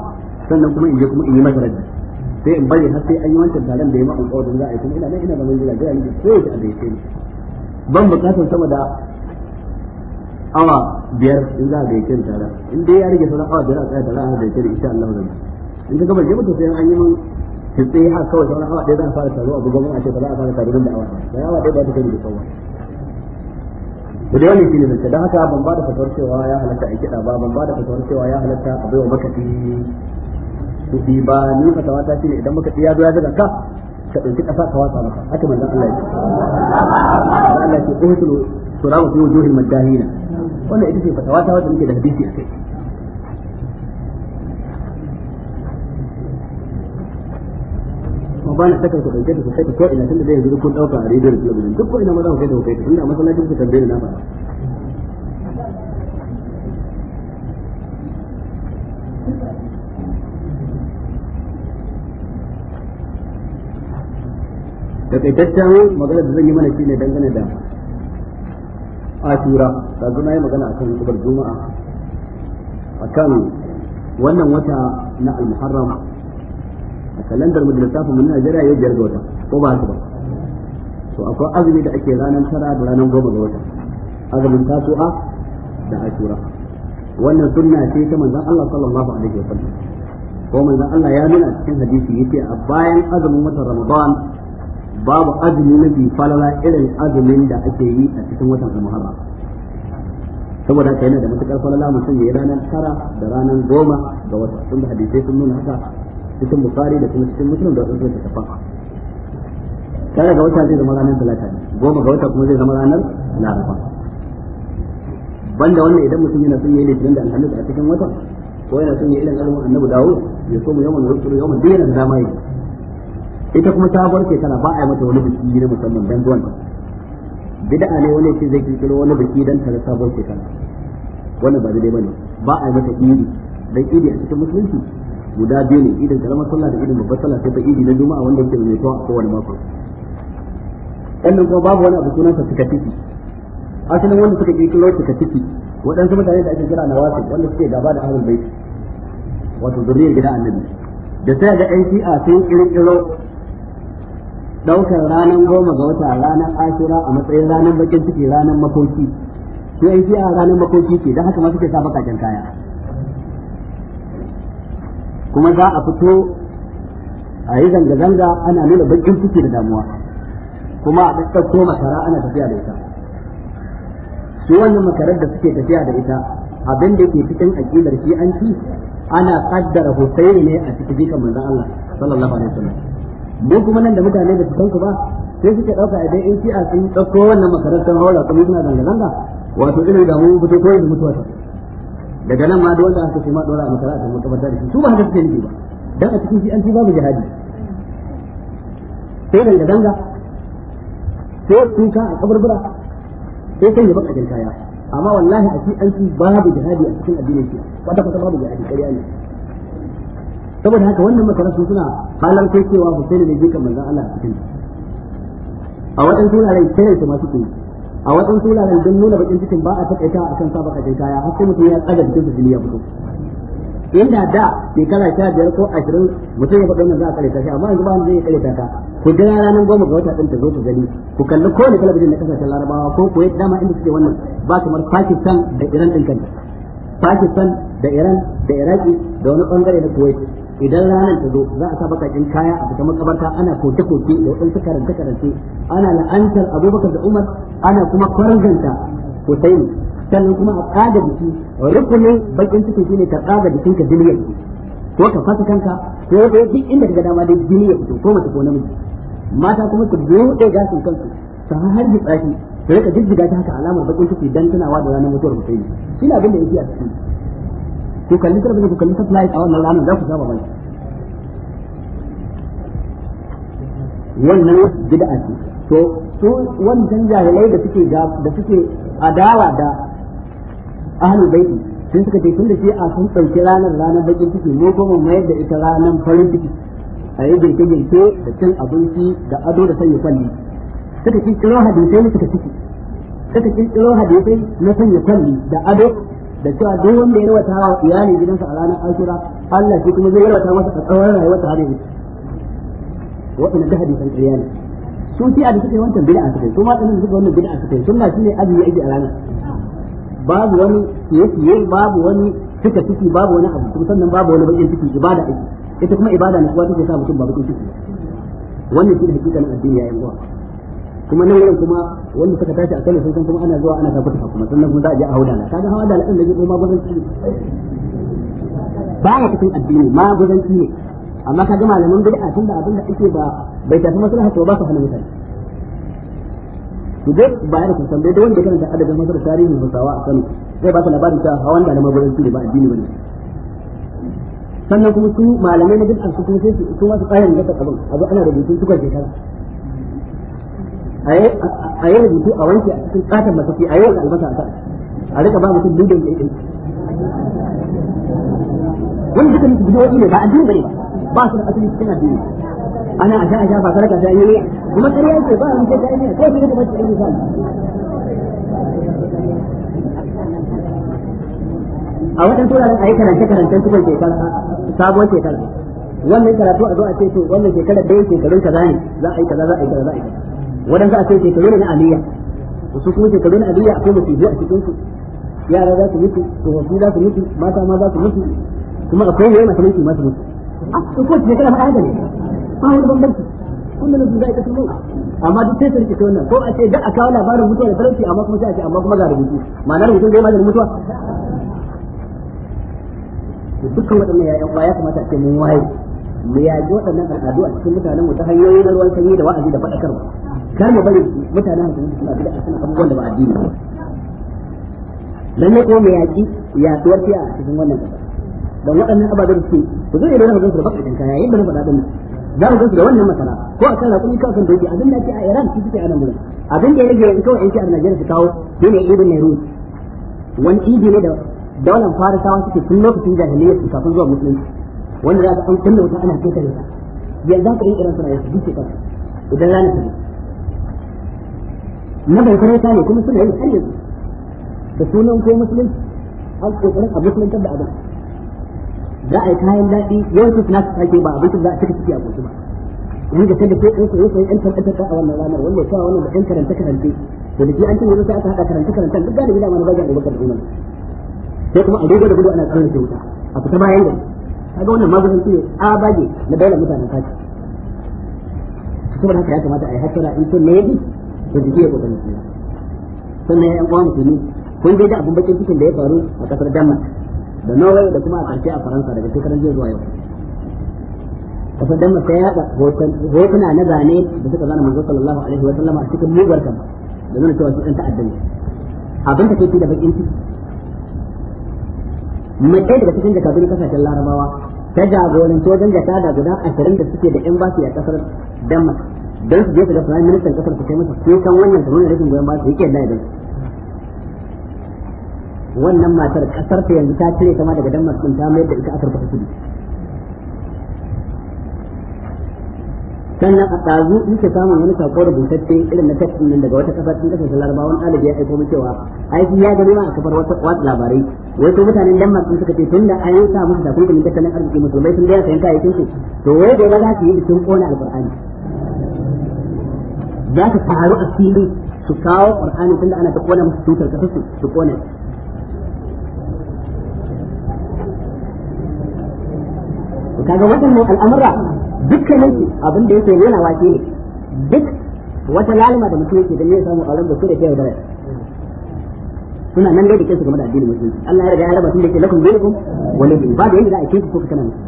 sannan kuma in je kuma in yi masa raddi sai in bari har sai an yi wancan taron da ya ma alƙawarin za a yi kuma ina nan ina zaman jira jira ne sai ya ci ya bai ban bukatar sama da awa biyar in za a gaike da tare. in dai ya rage sauran awa biyar a tsaya tara a da yake insha Allah da in ka gaba je sai an yi mun kitse ha kawai sauran awa ɗaya za a fara taro a mun a ce ba za a fara taro da awa da awa ɗaya ba ta kai da kowa da yawan shi ne zance don haka ban ba da fatawar cewa ya halatta a kiɗa ba ban ba da fatawar cewa ya halatta a baiwa makaɗi kuɗi ba ni fatawa ta ne, idan makaɗi ya zo ya zaga ka ka ɗauki ƙasa ka watsa maka haka manzon Allah ya ce Allah ya ce uhtulu suramu fi wujuhil madahina wannan ita ce fatawa ta wata muke da hadisi a kai ba na saka ku dauke da ku saka ko ina tunda da yanzu kun dauka a rediyo da talabijin duk ko ina ma za mu kai da ku kai tunda masallacin ku tambaye na ba takaitaccen magana da zan yi mana shine dangane da ashura kaga na yi magana a kan hudubar juma'a a kan wannan wata na al-muharram a kalandar mu da lissafin mu Najeriya ya biyar ga wata ko ba haka ba to akwai azumi da ake ranar tara da ranar goma ga wata azumin tasu'a da ashura wannan sunna ce ta manzon Allah sallallahu alaihi wa sallam, ko manzon Allah ya nuna cikin hadisi yace a bayan azumin watan Ramadan babu azumi bi falala irin azumin da ake yi a cikin watan muharram saboda haka yana da matukar falala mutum ya yi ranar tara da ranar goma ga wata sun da hadisai sun nuna haka cikin bukari da kuma cikin musulun da wasu da tafa tare ga wata zai zama ranar talata ne goma ga wata kuma zai zama ranar laraba banda wannan idan mutum yana son yi litinin da alhamis a cikin wata ko yana son ya yi irin azumin annabi dawo ya so mu yawan wasu yawan duk da dama yi ita kuma sabuwar shekara ba a yi mata wani biki na musamman dan zuwan ta bid'a ne wani ce zai kiro wani biki dan ta sabuwar shekara wannan ba daidai bane ba a yi mata idi dan idi a cikin musulunci guda biyu ne idan karamar sallah da idan babbar sallah sai ta idi na juma'a wanda yake mai tawa ko wani mako wannan kuma babu wani abu sunansa suka ciki asalin wanda suka kirkiro suka ciki waɗansu mutane da ake kira na wasu wanda suke gaba da ahlul bait wato zuriyar gida annabi da sai ga yan shi'a sun ƙirƙiro. daukar ranar goma ga wata ranar ashira a matsayin ranar bakin ciki ranar makoki su yan a ranar makoki ke don haka ma suke sa bakajen kaya kuma za a fito a yi zanga-zanga ana nuna bakin ciki da damuwa kuma a ɗaɗɗauko makara ana tafiya da ita su wannan makarar da suke tafiya da ita abin da ke cikin aƙidar shi an ci ana kaddara Husaini ne a cikin jikan manzon Allah sallallahu alaihi wasallam duk kuma nan da mutane da su ku ba sai suke dauka idan in a sun dauko wannan makarantar haura kuma suna zanga zanga wato irin da mu fito ko da mutuwa daga nan ma da wanda aka ce ma dora a makara a kan da shi su ba haka suke nufi ba dan a cikin ci babu jihadi sai zanga zanga sai kuka a bura sai sanya bakakin kaya amma wallahi a ci babu jihadi a cikin addinin shi kwata kwata babu jihadi kariya ne saboda haka wannan makaran suna halar kai cewa Husaini ne jikan manzon Allah cikin a waɗansu wuraren kare su masu ke a waɗansu wuraren don nuna bakin cikin ba a takaita a kan sabaka kai kaya har sai mutum ya tsaga jikin su ya fito inda da shekara sha biyar ko ashirin mutum ya faɗo nan za a kare ta shi amma yanzu ba zai kare ta ku jira ranar goma ga wata ɗin ta zo ta gani ku kalli ko kowane talabijin na kasashen larabawa ko kuwa dama inda suke wannan ba kamar pakistan da iran ɗin kan pakistan da iran da iraki da wani ɓangare na kuwait idan ranar ta zo za a sa bakakin kaya a fita makabarta ana koke koke da waɗansu karance karance ana la'antar abubakar da umar ana kuma kwaranganta hussein sannan kuma a tsada jiki rukunin bakin ciki shine ka tsada jikin ka jini ya ko ka fasa kanka ko ɗaya duk inda ka dama dai jini ya ko mace ko namiji mata kuma su buɗe gashin kansu ta har ji tsafi sai ka jijjiga ta haka alamar bakin ciki dan tunawa da ranar mutuwar hussein shi ne abin da yake a cikin ku kalli talabijin ku kalli satellite a wannan ranar za ku saba mai wannan bid'a ce to su wancan jahilai da suke da suke adawa da ahlul baiti sun suka ce tunda shi a sun ɗauki ranar ranar bakin ciki ko kuma mayar da ita ranar farin ciki a yi girke-girke da cin abinci da ado da sanya kwalli suka kirkiro hadisai suka ciki suka kirkiro hadisai na sanya kwalli da ado da cewa duk wanda ya rawata wa iyali gidansa a ranar ashura Allah shi kuma zai rawata masa a tsawon rayuwar ta hadin waɗanda da hadisan ƙarya ne su shi a da suka yi wancan bid'a suka kuma su ma ɗin suka wannan bid'a suka yi sunna shi ne azumi yake a ranar babu wani ciye-ciye babu wani fita ciki babu wani abu kuma sannan babu wani bakin ciki ibada ake ita kuma ibada na kuwa take sa mutum babu bakin ciki wannan shi ne na addini yayin zuwa kuma nan wurin kuma wanda suka tashi a kano sun san kuma ana zuwa ana tafi tabbata kuma sannan kuma za a je a hauda na kaga hawa da al'adun da ke ma gwazanci ne ba ya cikin addini ma gwazanci ne amma kaga malaman bid'a tun da abin da ake ba bai tafi maslaha to ba su hana mutane to dai ba da kusan dai wanda karanta adabin masarar tarihi hausawa a kano zai ba ka labarin cewa hawan da ma gwazanci ne ba addini ne. sannan kuma su malamai na bid'a su kuma sai su ma su tsaya da abin abu ana da bitin tukar shekara a yi rubutu a wanke a cikin katon matafi a yi wa albasa a kan a rika ba mutum lidin da ɗin wani duka mutum bidiyoyi ne ba addini bane ba ba su da asali cikin addini ana a sha a sha ba sarka ta yi kuma sai ya yake ba a mutum ta yi ko su ne kuma yi misali a wajen turaren a yi karance-karancen cikin shekara sabon shekara wannan karatu a zo a ce to wannan shekarar da yake shekarun kaza ne za a yi kaza za a yi kaza za a yi kaza waɗansu a ce shekaru ne na aliyya wasu kuma shekaru na aliyya akwai biyu a cikin su yara za su mutu tsofaffi za su mutu mata ma za su mutu kuma akwai yayin masu mutu masu ah, mutu a su ko ce kana ma'aikata ne ba wani bambanci kun da nasu za a kasar mun amma duk sai su rike wannan ko a ce da a kawo labarin mutuwa da faransi amma kuma sai a ce amma kuma ga rubutu ma'ana rubutun zai maganin mutuwa dukkan waɗannan ya'yan ba ya kamata a ce mun waye mu yaji waɗannan al'adu a cikin mutanen mu ta hanyoyi na ruwan sanyi da wa'azi da faɗakarwa kar mu bari mutanen mutu suna bid'a suna abubuwan da ba addini ba lalle ko me yaki yaduwar fiya a cikin wannan kasa dan waɗannan ababen ce ku zai idan da baka idan kaya yadda na faɗa ɗin za mu gansu da wannan masana ko a kan raƙumi kafin doki abin da ke a Iran su suke a nan gurin abin da ya rage in kawai yanke a Najeriya su kawo shine ibn nairu wani ibi ne da daular farisawa suke tun lokacin jahiliya su kafin zuwa musulunci wanda za ka an kunna wata ana kai ta yanzu za ka yi irin suna yanzu duk shekara idan rana ta na bankarauta ne kuma suna yin har yanzu da sunan ko musulunci an kokarin a musulunci da abin za a yi kayan daɗi yawancin suna su sake ba abincin za a cika ciki a gosu ba yanzu da sai da sai ɗansa ya sayi ɗan tantantar a wannan ranar wanda ya wannan da ɗan karanta karanta to da ji an cin yanzu sai aka haɗa karanta karanta duk galibi dama na bajan da bakar umar sai kuma a dogo da gudu ana tsarin da wuta a fita bayan gari kaga wannan magazanci ne abage na daular mutanen kaci saboda haka ya kamata a yi hasara in so ne ya to jiki ya kokarin juna sannan yan uwa musulmi kun dai da abun bakin cikin da ya faru a kasar Denmark da Norway da kuma a karshe a Faransa daga shekaran jiya zuwa yau kasar Denmark ta yaɗa hotuna na zane da suka zana manzo sallallahu alaihi wa sallama a cikin muguwar kan da nuna cewa su ɗan ta'adda ne abin da kai da bakin ciki mace daga cikin jakadun kasashen larabawa ta jagoranci wajen jakada guda ashirin da suke da yan a kasar Denmark don su je su ga prime minister kasar su kai masa sai kan wannan da wannan rikin goyon ba su yake da idan wannan matar kasar ta yanzu ta cire kama daga dan masu ta mai da ita Afirka ta kudi sannan a ɗazu muke samun wani sako rubutacce irin na tafi nan daga wata kasar cikin kasance larabawan alibi ya aiko mu cewa aiki ya gani ma a kafar wata watsa labarai wai to mutanen denmark sun suka ce tun da an yi sa musu takunkumin tattalin arziki musulmai sun daya sayan kayayyakin su to wai da za su yi bikin kona alƙur'ani za ta taru a fili su kawo qur'ani tunda ana ta kona musu tutar kasu su su kona kaga wannan al'amura dukkanin su abin da yake yana wake ne duk wata lalima da mutum yake da ya samu auren da su da kai da suna nan dai da kinsu game da addinin musulunci Allah ya riga ya raba tun da ke lakum dinukum wa lakum ba da yanda za a kinku ko kana musu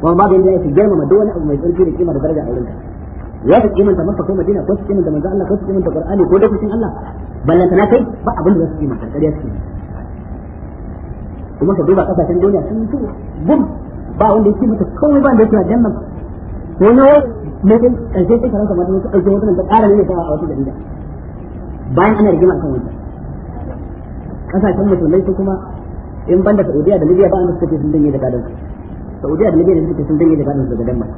kuma babu yanda za a girmama duk wani abu mai tsarki da kima da daraja a wurinka za su kimanta maka kai madina ko su da manzo Allah ko su da qur'ani ko dokokin Allah ballanta na kai ba abin da zai su kimanta kariya su kuma ka duba kasashen duniya sun tu bum ba wanda yake mata komai ba da yake nan ko ne ne din kaje sai karanta mata ko aiki wannan da ƙara ne da a wasu da. bayan ana rigima kan wannan kasashen musulmai su kuma in banda Saudiya da Libya ba an suke sun danye da gadon Saudiya da Libya da suke sun danye da gadon daga Denmark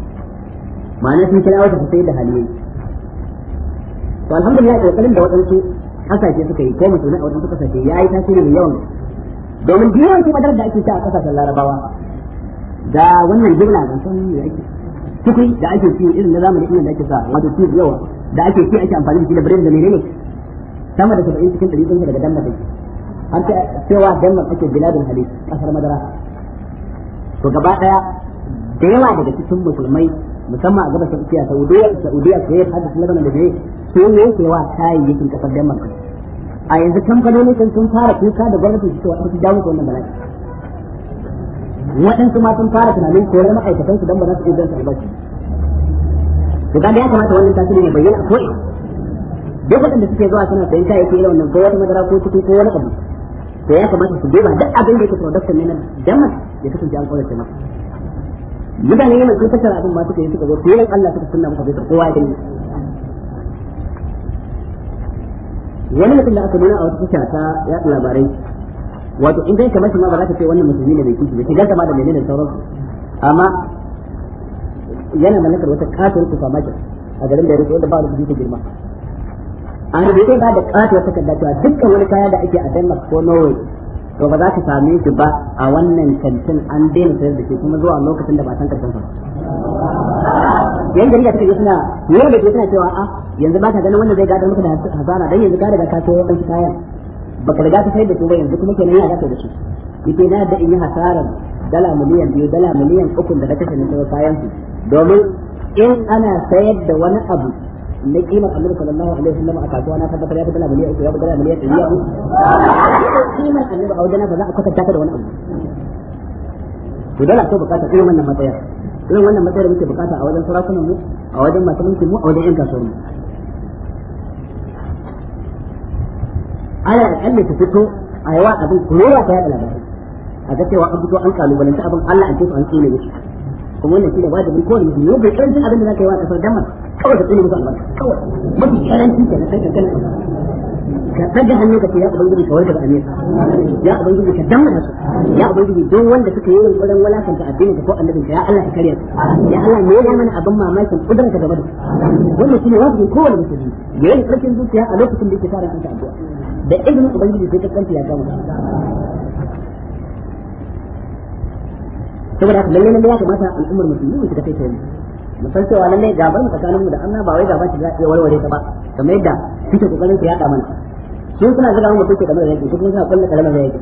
ma'ana sun kira wata sai da hali to alhamdulillah kokarin da waɗansu kasashe suka yi ko musulmai a waɗansu kasashe ya yi tasiri mai yawan domin duk yawancin madar da ake sha a kasashen larabawa da wannan jibla da sun yi ake tukui da ake ci irin na zamani irin da ake sa wato ci yawa da ake ci ake amfani da shi da ne da menene sama da 70 cikin 100 daga damma da har cewa damma ake biladun hadis kasar madara to gaba daya da yawa daga cikin musulmai musamman a gaba ta tsakiya saudiya saudiya ta yi hadda lebanon da zai sun yanke wa kayayyakin kasar denmark a yanzu kamfanoni sun sun fara kuka da gwamnati su cewa su dawo wannan bala'i waɗansu ma sun fara tunanin koyar ma'aikatan su don ba za su iya su albashi to kaga ya kamata wannan tasiri ya bayyana a koyi duk waɗanda suke zuwa suna sayan kayayyaki irin wannan ko wata madara ko ciki ko wani abu to ya kamata su duba duk abin da yake production ne na damar ya kasance an kaurace masa mutane yana sun tattara abin ma suka yi suka zo filin Allah suka sunna muka bai kowa ya gani wani mutum da aka nuna a wata tasha ta yaɗa labarai wato in dai kamar shima ba za ka ce wannan musulmi ne mai kishi ba shigar ma da menene sauransu amma yana mallakar wata katon kusa makin a garin da ya rufe wanda ba wani ta girma an da ba da katon wata takarda cewa dukkan wani kaya da ake a Denmark ko Norway to ba za ka same shi ba a wannan kantin an daina sayar da shi kuma zuwa lokacin da ba san karshen sa yan jarida suka suna yau da suna cewa a ah, yanzu ba ka ganin wanda zai gadar maka da hasara dan yanzu ka riga ka kan wadansu kayan ka riga ka sayar da su ba yanzu kuma kenan ya gata da su yake na da in yi hasarar dala miliyan biyu dala miliyan uku da na kashe kayan su domin in ana sayar da wani abu na kimar annabi sallallahu alaihi wasallam a kasuwa na tabbatar ya fitala miliyan ya fitala miliyan ɗari ya kimar annabi a wajena ba za a kwatanta ta da wani abu to dala so bukata irin wannan matsayar irin wannan matsayar muke bukata a wajen sarakunan mu a wajen masu mulkin mu a wajen yan kasuwar mu ala alƙalli ta fito a yawa abin kurowa ta yaɗa labarai a ga cewa an fito an kalubalanta abin Allah an ce su an tsine musu kuma wannan shi ne wajibin kowane mutum yau bai karanci abin da za ka yi wa kasar damar kawai da tsine musu albarka kawai mafi karanci ke na sai kankan ka daga hannu ka ce ya ubangiji ka warkar amir ya ubangiji ka damma su ya ubangiji don wanda suka yi yin kudan walakanta addinin ka ko annabin ka ya Allah ka kare su ya Allah ne ya mana abin mamakin kudan ka gaba da wannan shine wajibin kowane musulmi ya yi karfin zuciya a lokacin da yake fara kanta addu'a da izinin ubangiji sai kaskanta ya gama saboda haka lalle lalle ya kamata al'ummar musulmi su ga kai ta mu san cewa lalle gabar mu tsakaninmu da Allah ba wai gaba ce za a ta warware ta ba kamar yadda kike kokarin ku yada mana su suna zaga mu kuke kamar yake su kuma suna kalama kalmar yake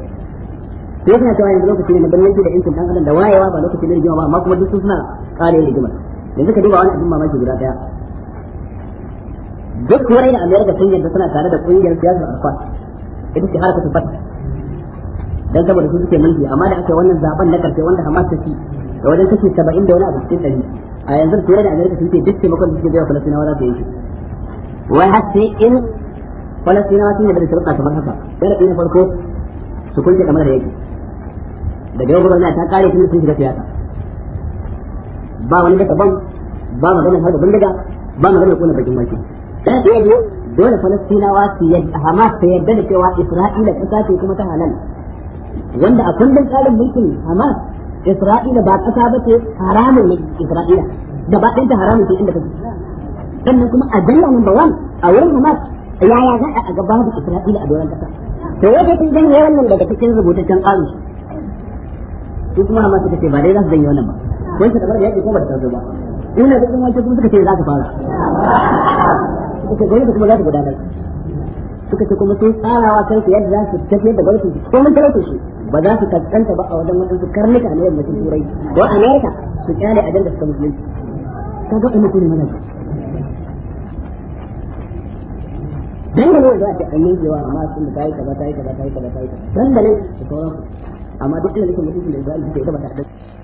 sai suna cewa yanzu lokaci ne na bayyana da intin dan adam da wayewa ba lokaci ne rigima ba amma kuma duk suna kare rigima yanzu ka duba wani abin mamaki guda daya duk wani da Amerika sun yadda suna tare da kungiyar siyasar Arfat ita ce harka ta fata dan saboda su suke mulki amma da aka wannan zaben na karshe wanda Hamas ta ci da wajen kashi 70 da wani abu cikin 100 a yanzu turai da amerika sun ce duk taimakon da suke biya falastinawa za su yi shi wai har in falastinawa sun yadda da shirka kamar haka sharaɗi na farko su kunce kamar da yake daga yau gudunar ta kare tun sun shiga siyasa ba wani da ban ba magana har da bindiga ba magana kuna bakin baki ɗaya da yau dole falastinawa su yadda hamas ta yadda da cewa isra'ila ta ce kuma ta halal wanda a kundin tsarin mulkin hamas Isra'ila ba ƙasa ba ce haramun ne Isra'ila da ɗaya ta haramun ce inda kake sannan kuma a jalla number one a wurin Hamas yaya za a ga babu Isra'ila a doron ƙasa to wanda sun janye wannan daga cikin rubutaccen ƙaru su kuma Hamas suka ce ba dai za su janye wannan ba wani kamar da yaƙi kuma ba ta zo ba ina da kuma wancan kuma suka ce za su fara suka gani kuma za su gudanar suka ce kuma sun tsarawa kansu yadda za su tafiyar da gwamnati su komai talauta shi ba za su kaskanta ba a wajen waɗansu karnuka na yammacin turai ko amerika su kyale a danda suka musulunci ka ga wani kuma mana dangane wanda za ta an yi yawa amma sun da tayi kaza tayi kaza tayi kaza tayi kaza dangane da sauransu amma duk inda nake mutum da zai ta ba ta